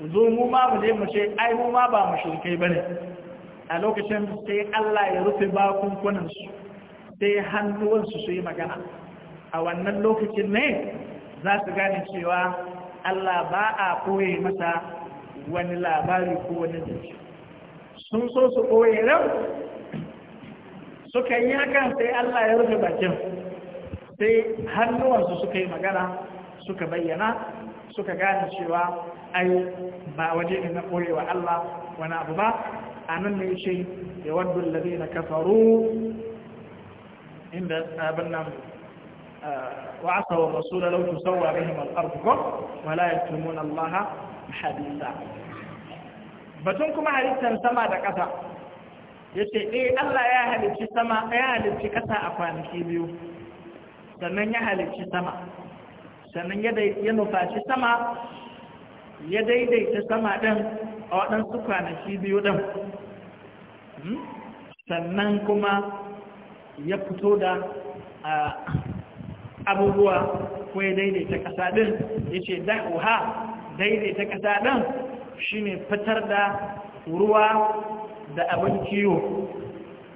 ku zo mu ma mu je mu ce ai mu ma ba ba ne. a lokacin sai Allah ya rufe bakunkunansu sai hannuwansu su yi magana a wannan lokacin ne za su gane cewa Allah ba a koye masa wani labari ko wani zance sun so su koye ran suka yi hakan sai Allah ya rufe bakin sai hannuwansu suka yi magana suka bayyana suka gane cewa ai ba waje ne na wa Allah wani abu ba a nan ne shi ya waddu na kafaru inda abin nan وعصوا الرسول لو تسوى بهم الأرض ولا يكتمون الله حديثا batun kuma halittar sama da ƙasa ya ce eh Allah ya halicci sama ya halicci ƙasa a kwanaki biyu sannan ya halicci sama sannan ya nufaci sama ya daidaita sama ɗin a waɗansu kwanaki biyu ɗin sannan kuma ya fito da abubuwa ko ya daidaita kasa ɗin ya ce da'uha daidaita ƙasa ɗin shi ne fitar da ruwa da abin kiwo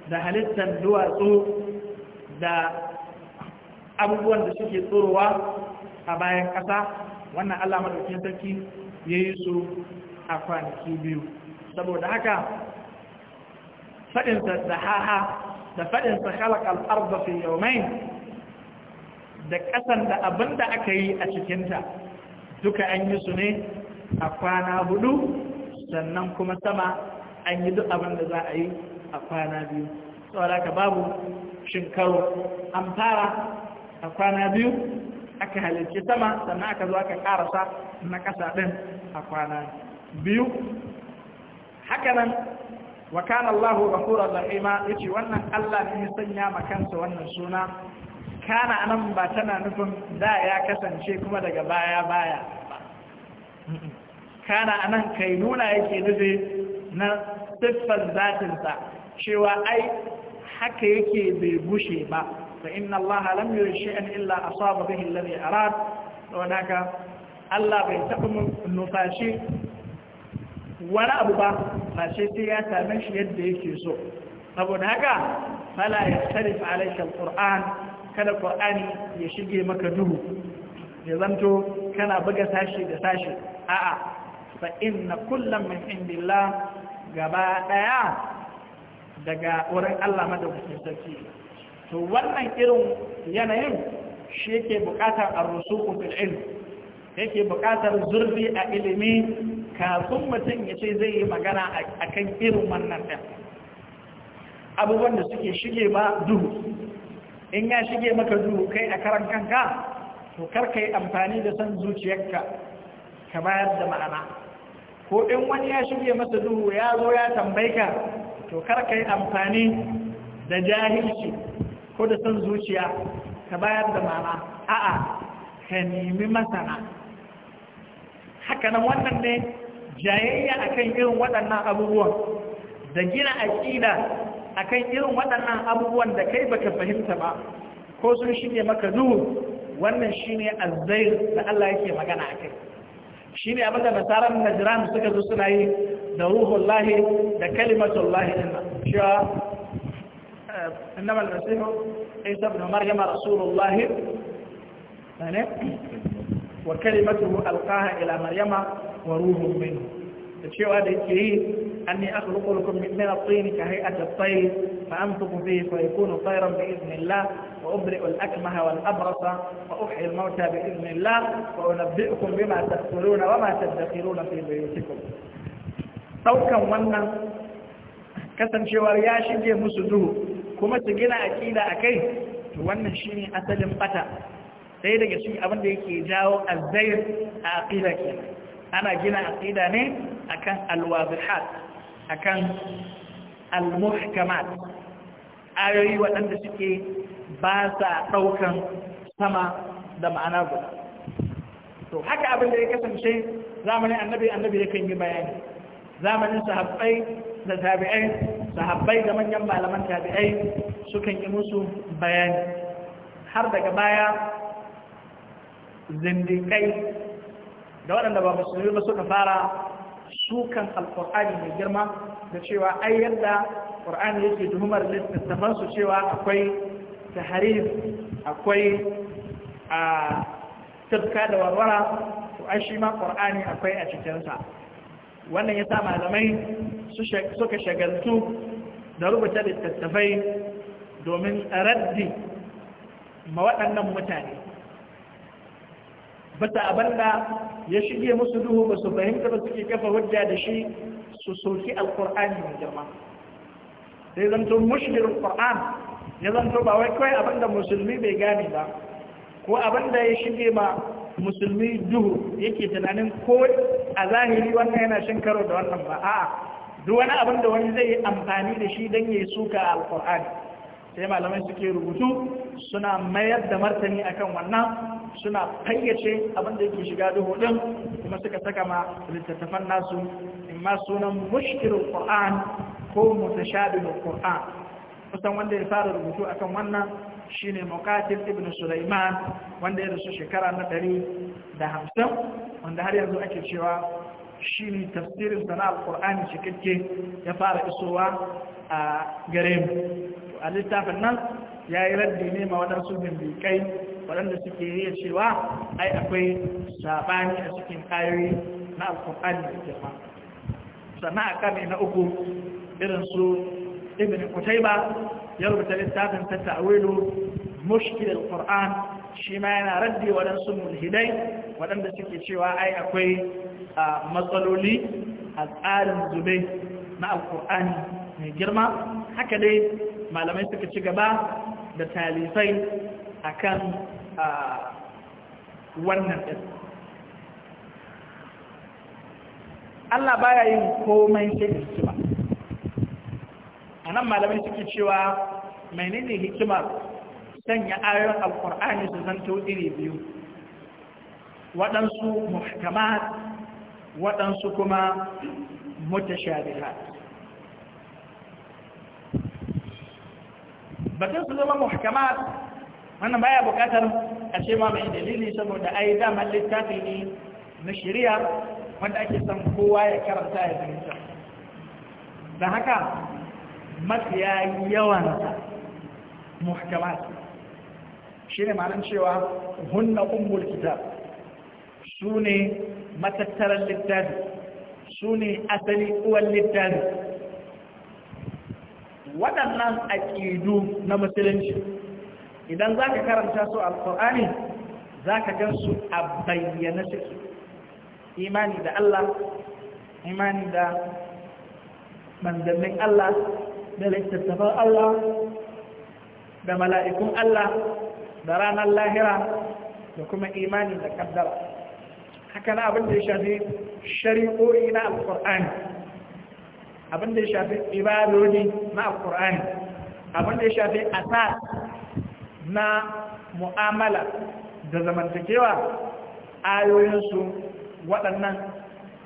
da halittar duwatsu da abubuwan da suke tsorowa a bayan ƙasa wannan allah maɗaukin sarki ya yi su a kwanaki biyu saboda haka faɗinsa da faɗin da faɗinsa halakar arba fi yau mai da ƙasan da abin da aka yi a cikinta duka an yi su ne a kwana hudu sannan kuma sama an yi duk abin da za a yi a kwana biyu tsawara ka babu shinkaro an fara a kwana biyu aka halarci sama sannan aka zo aka karasa na ƙasa ɗin a kwana biyu hakanan wa kana Allahu ghafurur rahima ce wannan Allah ne ya sanya kansa wannan suna kana anan ba tana nufin da ya kasance kuma daga baya baya kana anan kai nuna yake nufi na siffar zatinsa cewa ai haka yake bai gushe ba fa inna allaha lam yuri shay'an illa asaba bihi alladhi arad don haka Allah bai taɓa nufashi wani abu ba fashe sai ya same shi yadda yake so saboda haka fala ya tarif alaikal qur'an kada ƙur'ani ya shige maka duhu ya zanto kana buga sashi da sashi a'a fa inna kullum min indillah gaba daya daga wurin Allah madaukakin sarki to wannan irin yanayin shi yake bukatar ar-rusuku fil ilm yake bukatar zurfi a ilimi kafin mutum ya ce zai yi magana akan irin wannan din abubuwan da suke shige ba duhu in ya shige maka duhu kai a karan kanka to kar ka yi amfani da san zuciyarka ka bayar da ma'ana ko in wani ya shige masa duhu ya zo ya tambaika to kar ka yi amfani da jahilci ko da san zuciya ka bayar da ma'ana a'a ka nemi masana hakanan wannan ne jayayya akan irin waɗannan abubuwan da gina aƙida akan irin waɗannan abubuwan da kai baka fahimta ba ko sun shine maka duhu wannan ne azzair da Allah yake magana akai shine abin da na jiran suka zo suna yi da ruhullahi da kalimatullahi inna cewa eh, innama al-masih isa ibn maryam rasulullah eh, ne wa kalimatuhu ila maryama wa ruhun minhu da cewa da yake yi anni akhluqu lakum min at-tin ka hay'ati at-tayr fa amtuku bihi fa yakunu tayran bi idhnillah wa ubri'u al-akmaha wal abrasa wa uhyi al-mauta bi idhnillah wa unabbi'ukum bima taquluna wa ma tadakhiruna fi buyutikum daukan wannan kasancewar ya shige musu duhu kuma su gina a kai, to wannan shine asalin bata sai daga cikin abin da yake jawo azzayr a aqida kenan ana gina aqida ne akan alwazihat akan almuhkamat ayoyi waɗanda suke ba sa ɗaukan sama da ma'ana guda to haka abin da ya kasance zamanin annabi annabi ya kan yi bayani zamanin sahabbai da tabi'ai sahabbai da manyan malaman tabi'ai sukan yi musu bayani har daga baya zindikai da waɗanda ba musulmi ba suka fara sukan alƙur'ani mai girma da cewa ai yadda ƙur'ani yake tuhumar littattafansu cewa akwai taharif akwai a tafka da warwara to ai shi ma ƙur'ani akwai a cikinsa wannan ya sa malamai suka shagaltu da rubuta littattafai domin raddi ma waɗannan mutane tabbata abanda ya shige musu duhu ba su fahimta ba suke kafa hujja da shi su soki alkur'ani mai girma sai zanto mushkil alkur'an ya zanto ba wai kawai abinda musulmi bai gane ba ko abinda ya shige ma musulmi duhu yake tunanin ko a zahiri wannan yana shan karo da wannan ba a'a duk wani abin da wani zai yi amfani da shi don ya suka alkur'ani sai malamai suke rubutu suna mayar da martani akan wannan suna fayyace abin da yake shiga duhu din kuma suka saka ma littattafan nasu ma sunan mushkilul qur'an ko mutashabihul qur'an kusan wanda ya fara rubutu akan wannan shine muqatil ibn sulaiman wanda ya rasu shekara na ɗari da 150 wanda har yanzu ake cewa shine tafsirin sana ƙur'ani cikakke ya fara isowa a gare mu a littafin nan ya yi raddi ne ma waɗansu bimbikai waɗanda suke yi cewa ai akwai saɓani a cikin ƙayoyi na alkur'ani da girma sannan a ƙarni na uku irin su ibn ba ya rubuta littafin ta ta'awilu mushkil alkur'an shi ma yana raddi waɗansu mulhidai waɗanda suke cewa ai akwai matsaloli a tsarin zube na alkur'ani mai girma haka dai malamai suka ci gaba da a kan wannan ɗin Allah baya yin komai sai hikima a nan malamai suke cewa menene hikimar sanya ayoyin alkur'ani su zanto iri biyu waɗansu muhkamat waɗansu kuma mutashabihat batun su zama muhkamat wannan baya bukatar a ce ma mai dalili saboda ai damar littafi ne na shari'a wanda ake san kowa ya karanta ya fahimta da haka mafiya yawan muhkamat shi ne ma'anin cewa hunna ummul kitab su ne matattarar littafi su ne asali uwan littafi waɗannan aƙidu na musulunci idan za ka karanta su alƙur'ani za ka gan su a bayyana su imani da Allah imani da manzannin Allah da littattafan Allah da mala'ikun Allah da ranar lahira da kuma imani da kaddara haka na abin da ya shafi shari'o'i na alƙur'ani abin da ya shafi ibadodi na alkur'ani abin da ya shafi asas na mu'amala da zamantakewa ayoyinsu waɗannan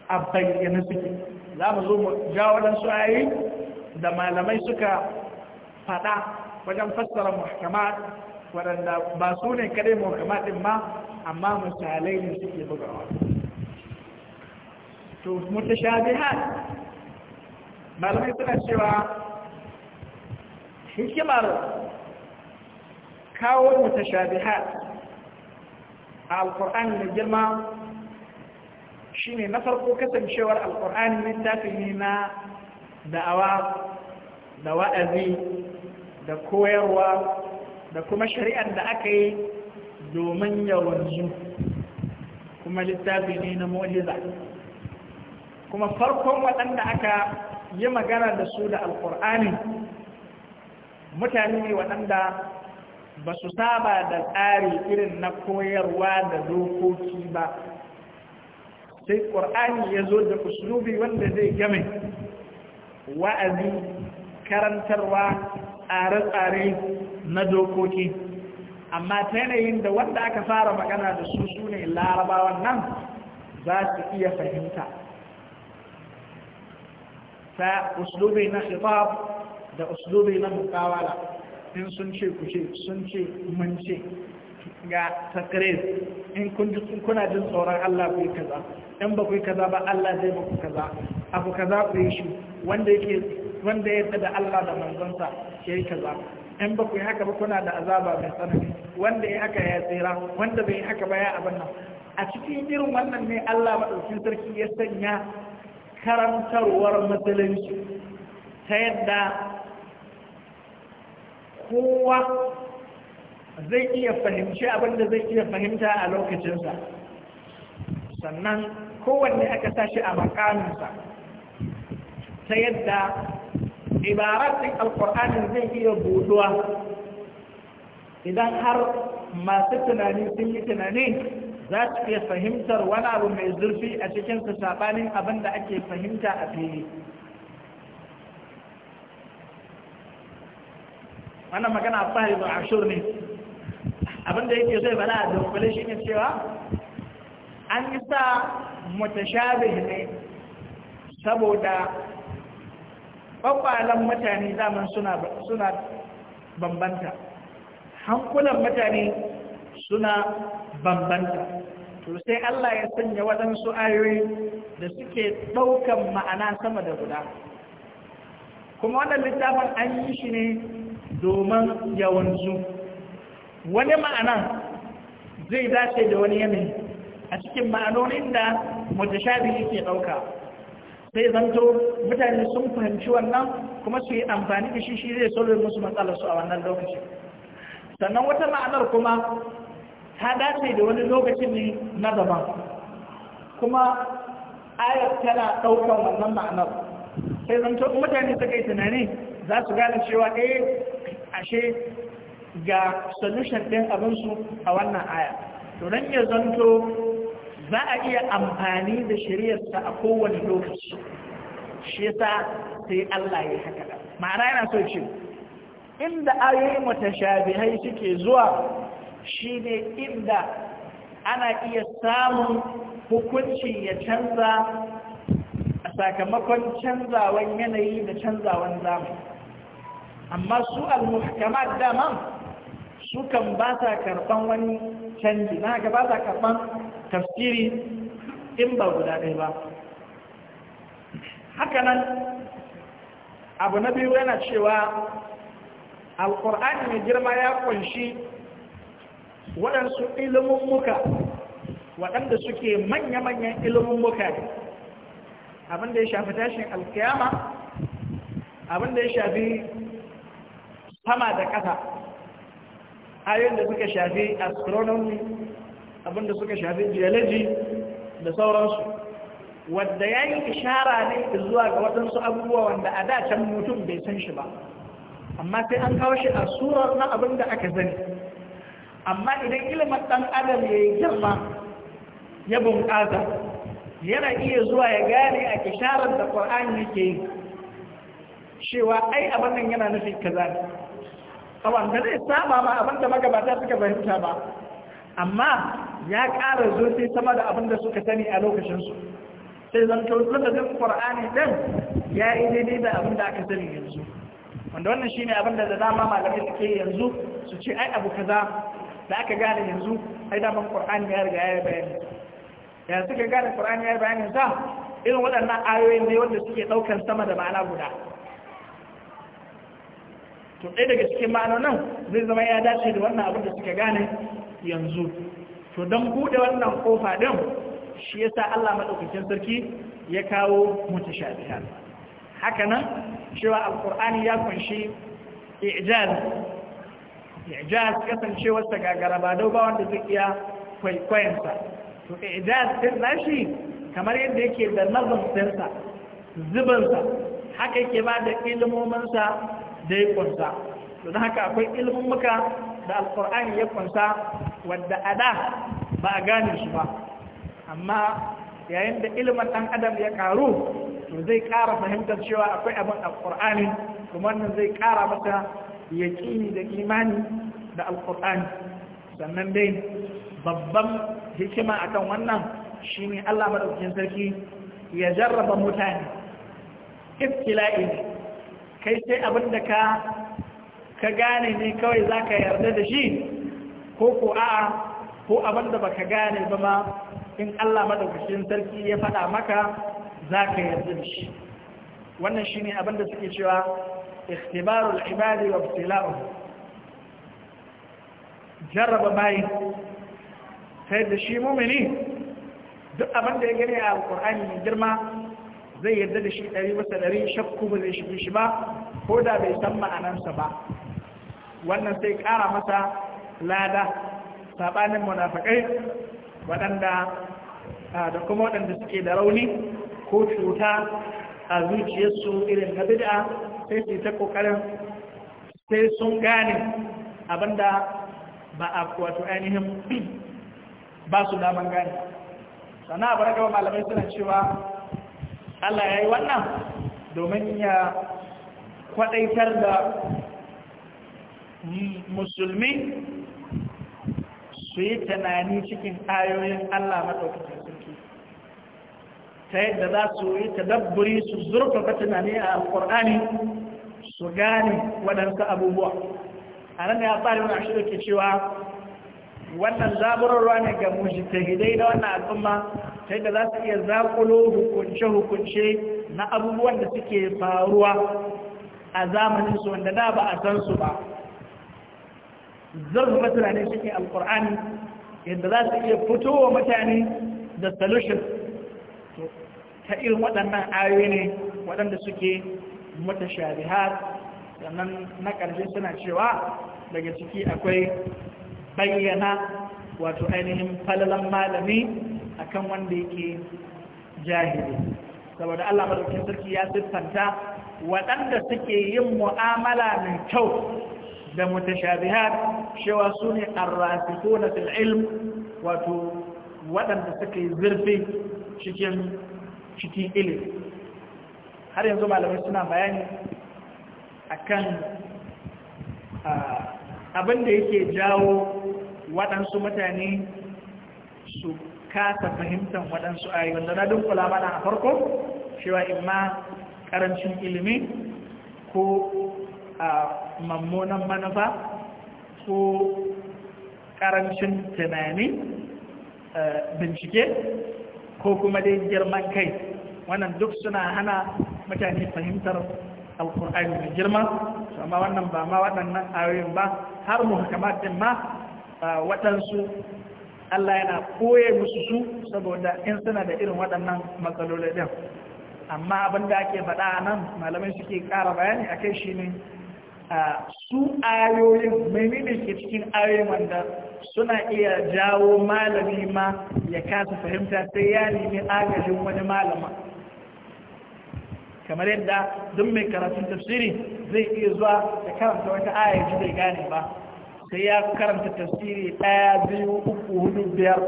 a suke za mu zo mu ja waɗansu ayoyi da malamai suka faɗa wajen fassara muhkamat waɗanda ba su ne kaɗai muhkamat ɗin ma amma misalai ne suke bugawa to mutashabihat malamai suna cewa hikimar kawo mutashabihat a alkur'ani da girma shine na farko kasancewar alkur'ani littafi ne na da'awa da wa'azi da koyarwa da kuma shari'ar da aka yi domin yawanzu kuma littafi ne na mu'jiza kuma farkon waɗanda aka yi magana da su da alkur'ani mutane ne waɗanda ba su saba da tsari irin na koyarwa da dokoki ba sai ƙur'ani ya zo da uslubi wanda zai game wa'azi karantarwa tsare-tsare na dokoki amma ta yanayin da wanda aka fara magana da su su ne larabawan nan za su iya fahimta فأسلوبي خطاب ده أسلوبي مقاولة in sun ce ku sun ce mun ga takrir in kun ji jin tsoron Allah ku kaza in ba كذا kaza ba Allah zai ba ku kaza abu kaza ku yi shi wanda yake wanda ya da Allah da manzonsa ya yi kaza in ba haka ba kuna da a cikin irin wannan ne Allah Maɗaukin sarki ya sanya karantarwar musulunci ta yadda kowa zai iya fahimci abinda zai iya fahimta a lokacinsa sannan kowanne aka tashi a makaminsa ta yadda ibaratun alkur'anin zai iya buduwa idan har masu tunani sun yi tunani za su iya fahimtar wani abu mai zurfi a cikin su sabanin abin da ake fahimta a fili wannan magana fahari ba ne abin da yake zai bala a dunkule shi ne cewa an yi sa mutashabih ne saboda kwakwalan mutane zaman suna bambanta hankulan mutane suna bambanta to sai Allah ya sanya waɗansu ayoyi da suke ɗaukan ma'ana sama da guda kuma wannan littafin an yi shi ne domin yawanzu wani ma'ana zai dace da wani yanayi a cikin ma'anonin da mutashabi yake ɗauka sai zanto mutane sun fahimci wannan kuma su yi amfani da shi shi zai solve musu matsalarsu a wannan lokacin sannan wata ma'anar kuma ta dace da wani lokaci ne na daban kuma ayar tana ɗaukar wannan ma'anar sai zan in mutane suka yi tunani za su gane cewa eh ashe ga solution ɗin abinsu a wannan aya to nan ya zanto za a iya amfani da sa a kowane lokaci shi yasa sai Allah ya haka ma'ana yana so ce inda ayoyin mutashabihai suke zuwa shine inda ana iya samun hukunci ya canza a sakamakon canzawan yanayi da canzawan zamani amma su al-muhkamat daman su kan ba sa karban wani canji na ga ba sa karban tafsiri in ba guda ɗaya ba hakanan abu na biyu yana cewa al-qur'ani mai girma ya kunshi waɗansu muka waɗanda suke manya-manyan muka ne abinda ya shafi tashin alkiyama abinda ya shafi sama da ƙasa ayoyin da suka shafi astronomy abinda suka shafi geology da sauransu wadda ya yi ishara ne zuwa ga waɗansu abubuwa wanda a dacen mutum bai san shi ba amma sai an kawo shi a surar na abin da aka zani amma idan ilimin ɗan adam ya yi girma ya bunƙasa yana iya zuwa ya gane a kisharar da ƙwar'an yake yi cewa ai abin nan yana nufin kaza ne tsawon da zai saba ma abin da magabata suka fahimta ba amma ya ƙara zurfi sama da abin da suka sani a lokacinsu sai zan kyautar da zan ƙwar'ani ɗin ya yi daidai da abin da aka sani yanzu wanda wannan shine abin da da dama malamai suke yanzu su ce ai abu kaza da aka gane yanzu ai daman qur'ani ya riga ya bayani yanzu suka gane qur'ani ya bayani sa irin waɗannan ayoyin ne wanda suke ɗaukar sama da ma'ana guda to ɗaya daga cikin nan zai zama ya dace da wannan abin da suka gane yanzu to don buɗe wannan ƙofa ɗin shi yasa Allah madaukakin sarki ya kawo mutashabihan haka nan cewa alƙur'ani ya kunshi ijaz ijaz kasancewarsa ga gagara ba wanda zai iya kwaikwayen sa to ijaz din nashi kamar yadda yake da nazarsinsa sa haka yake ba da sa da ya kunsa to don haka akwai muka da alqur'ani ya kunsa wadda a da ba a gane shi ba amma yayin da ilmin ɗan adam ya karu to zai kara fahimtar cewa akwai abin alkur'ani kuma wannan zai kara masa Yakini da imani da alkur'ani sannan dai babban hikima akan wannan shine Allah maɗaukacin sarki ya jarraba mutane ibtila'i ne kai sai abin da ka ka gane ne kawai zaka yarda da shi ko ko a'a ko abin da baka gane ba ma in Allah madaukakin sarki ya faɗa maka ka yarda da shi wannan shine abin da suke cewa ikhtibarul ibadi jarraba bayi ta da shi mumini duk abin da ya gani a alkur'ani mai girma zai yarda da shi ɗari masa ɗari shakku ba zai shigi shi ba ko da bai san ma'anansa ba wannan sai ƙara masa lada saɓanin munafakai waɗanda da kuma waɗanda suke da rauni ko cuta a zuciyarsu irin na bid'a sai su ta kokarin sai sun gane abinda ba a wato ainihin ba su daman gane sana abu ragawa malamai suna cewa allah ya yi wannan domin ya kwadaitar da musulmi su yi tunani cikin ayoyin allah matsaukacin ta yadda za su yi tadabburi su zurfafa tunani a alkur'ani su gane waɗansu abubuwa a nan ya fara wani ashirin ke cewa wannan ruwa ne ga mujtahidai na wannan al'umma ta yadda za su iya zakulo hukunce-hukunce na abubuwan da suke faruwa a zamanin su wanda da ba a san su ba zurfafa tunani suke alkur'ani yadda za su iya fitowa mutane da solution ta irin waɗannan ayoyi ne waɗanda suke mutashabihat sannan na ƙarshe suna cewa daga ciki akwai bayyana wato ainihin falalan malami akan wanda yake jahili saboda Allah madaukakin sarki ya siffanta waɗanda suke yin mu'amala mai kyau da mutashabihat cewa su ne arrasikuna fil ilm wato waɗanda suke zurfi cikin cikin ilimi har yanzu malamai suna bayani akan abin da yake jawo waɗansu mutane su kasa fahimtar waɗansu A yanzu na dunkula mana a farko cewa imma ƙarancin ilimi ko a mammonan manufa ko ƙarancin tunani eh, bincike ko kuma dai girman kai wannan duk suna hana mutane fahimtar alkur'ani mai girma amma wannan ba ma waɗannan ayoyin ba har muhakamat din ma waɗansu Allah yana koye musu su saboda in suna da irin waɗannan matsalolin amma abin da ake faɗa nan malamai suke ƙara bayani a kai shi ne a su ayoyin mai ke cikin ayoyin wanda suna iya jawo malami ma ya kasa fahimta sai ya nemi agajin wani malama kamar yadda don mai karatun tafsiri zai iya zuwa da karanta wata aya ji bai gane ba sai ya karanta tafsiri daya biyu uku hudu biyar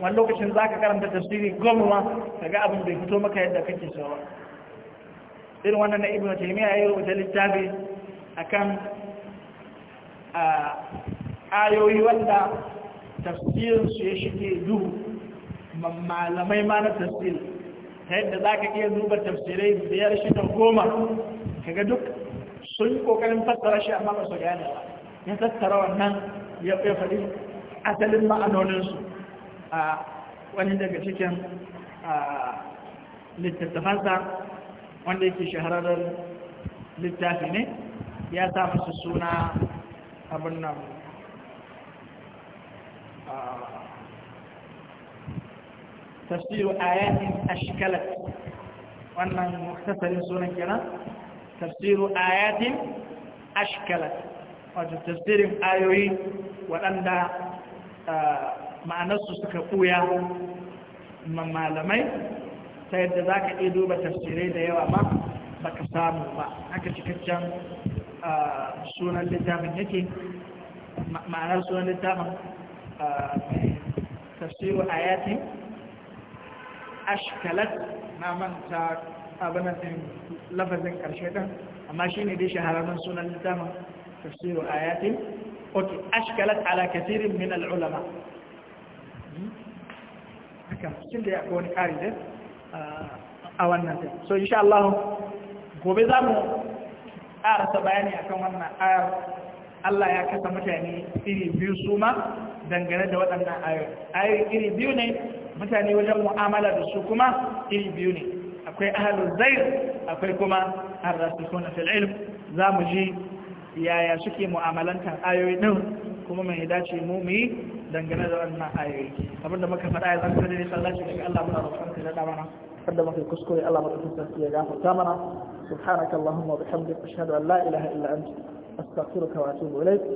wani lokacin za ka karanta tafsiri goma ka ga abin bai fito maka yadda kake so irin wannan na ibn taymiya ya rubuta littafi akan ayoyi wanda tafsirinsu ya shige duhu malamai ma na tafsir ta yadda za ka iya duba tafsirai biyar shida goma kaga duk sun yi kokarin fassara shi amma ba su gane ba ya tattara wannan ya faɗi asalin ma'anoninsu a wani daga cikin littattafansa wanda yake shahararren littafi ne ya sa musu suna abin nan tafsiru ayatin ashkalat wannan muktasarin sunan kenan tafsiru ayatin ashkalat wato tafsirin ayoyi waɗanda ma'anarsu suka ɓuya malamai ta yadda za ka iya duba tafsirai da yawa ba ba ka samu ba haka cikakken sunan littafin yake ma'anar sunan littafin tafsiru ayatin ashkalat na manta abinan lafazin ƙarshe ɗin amma shi ne dai shahararren sunan littafin tafsiru ayatin ok ashkalat ala kasirin min al'ulama hmm? haka cikin da ya ga wani ƙari dai a wannan ɗin so insha Allah gobe za mu ta bayani akan wannan ayar Allah ya kasa mutane iri biyu su ma dangane da waɗannan ayoyi ayar iri biyu ne mutane wajen mu'amala da su kuma iri biyu ne akwai ahalun zair akwai kuma arrasu suna fil ilm za mu ji yaya suke mu'amalantar ayoyi ɗin kuma mai dace mu mu yi dangane da wannan ayoyi abinda muka faɗa ya zanta ne sallaci daga Allah muna roƙon ka da dama قدمك الكسكوري الله متفسر في جاه سبحانك اللهم وبحمدك أشهد أن لا إله إلا أنت أستغفرك وأتوب إليك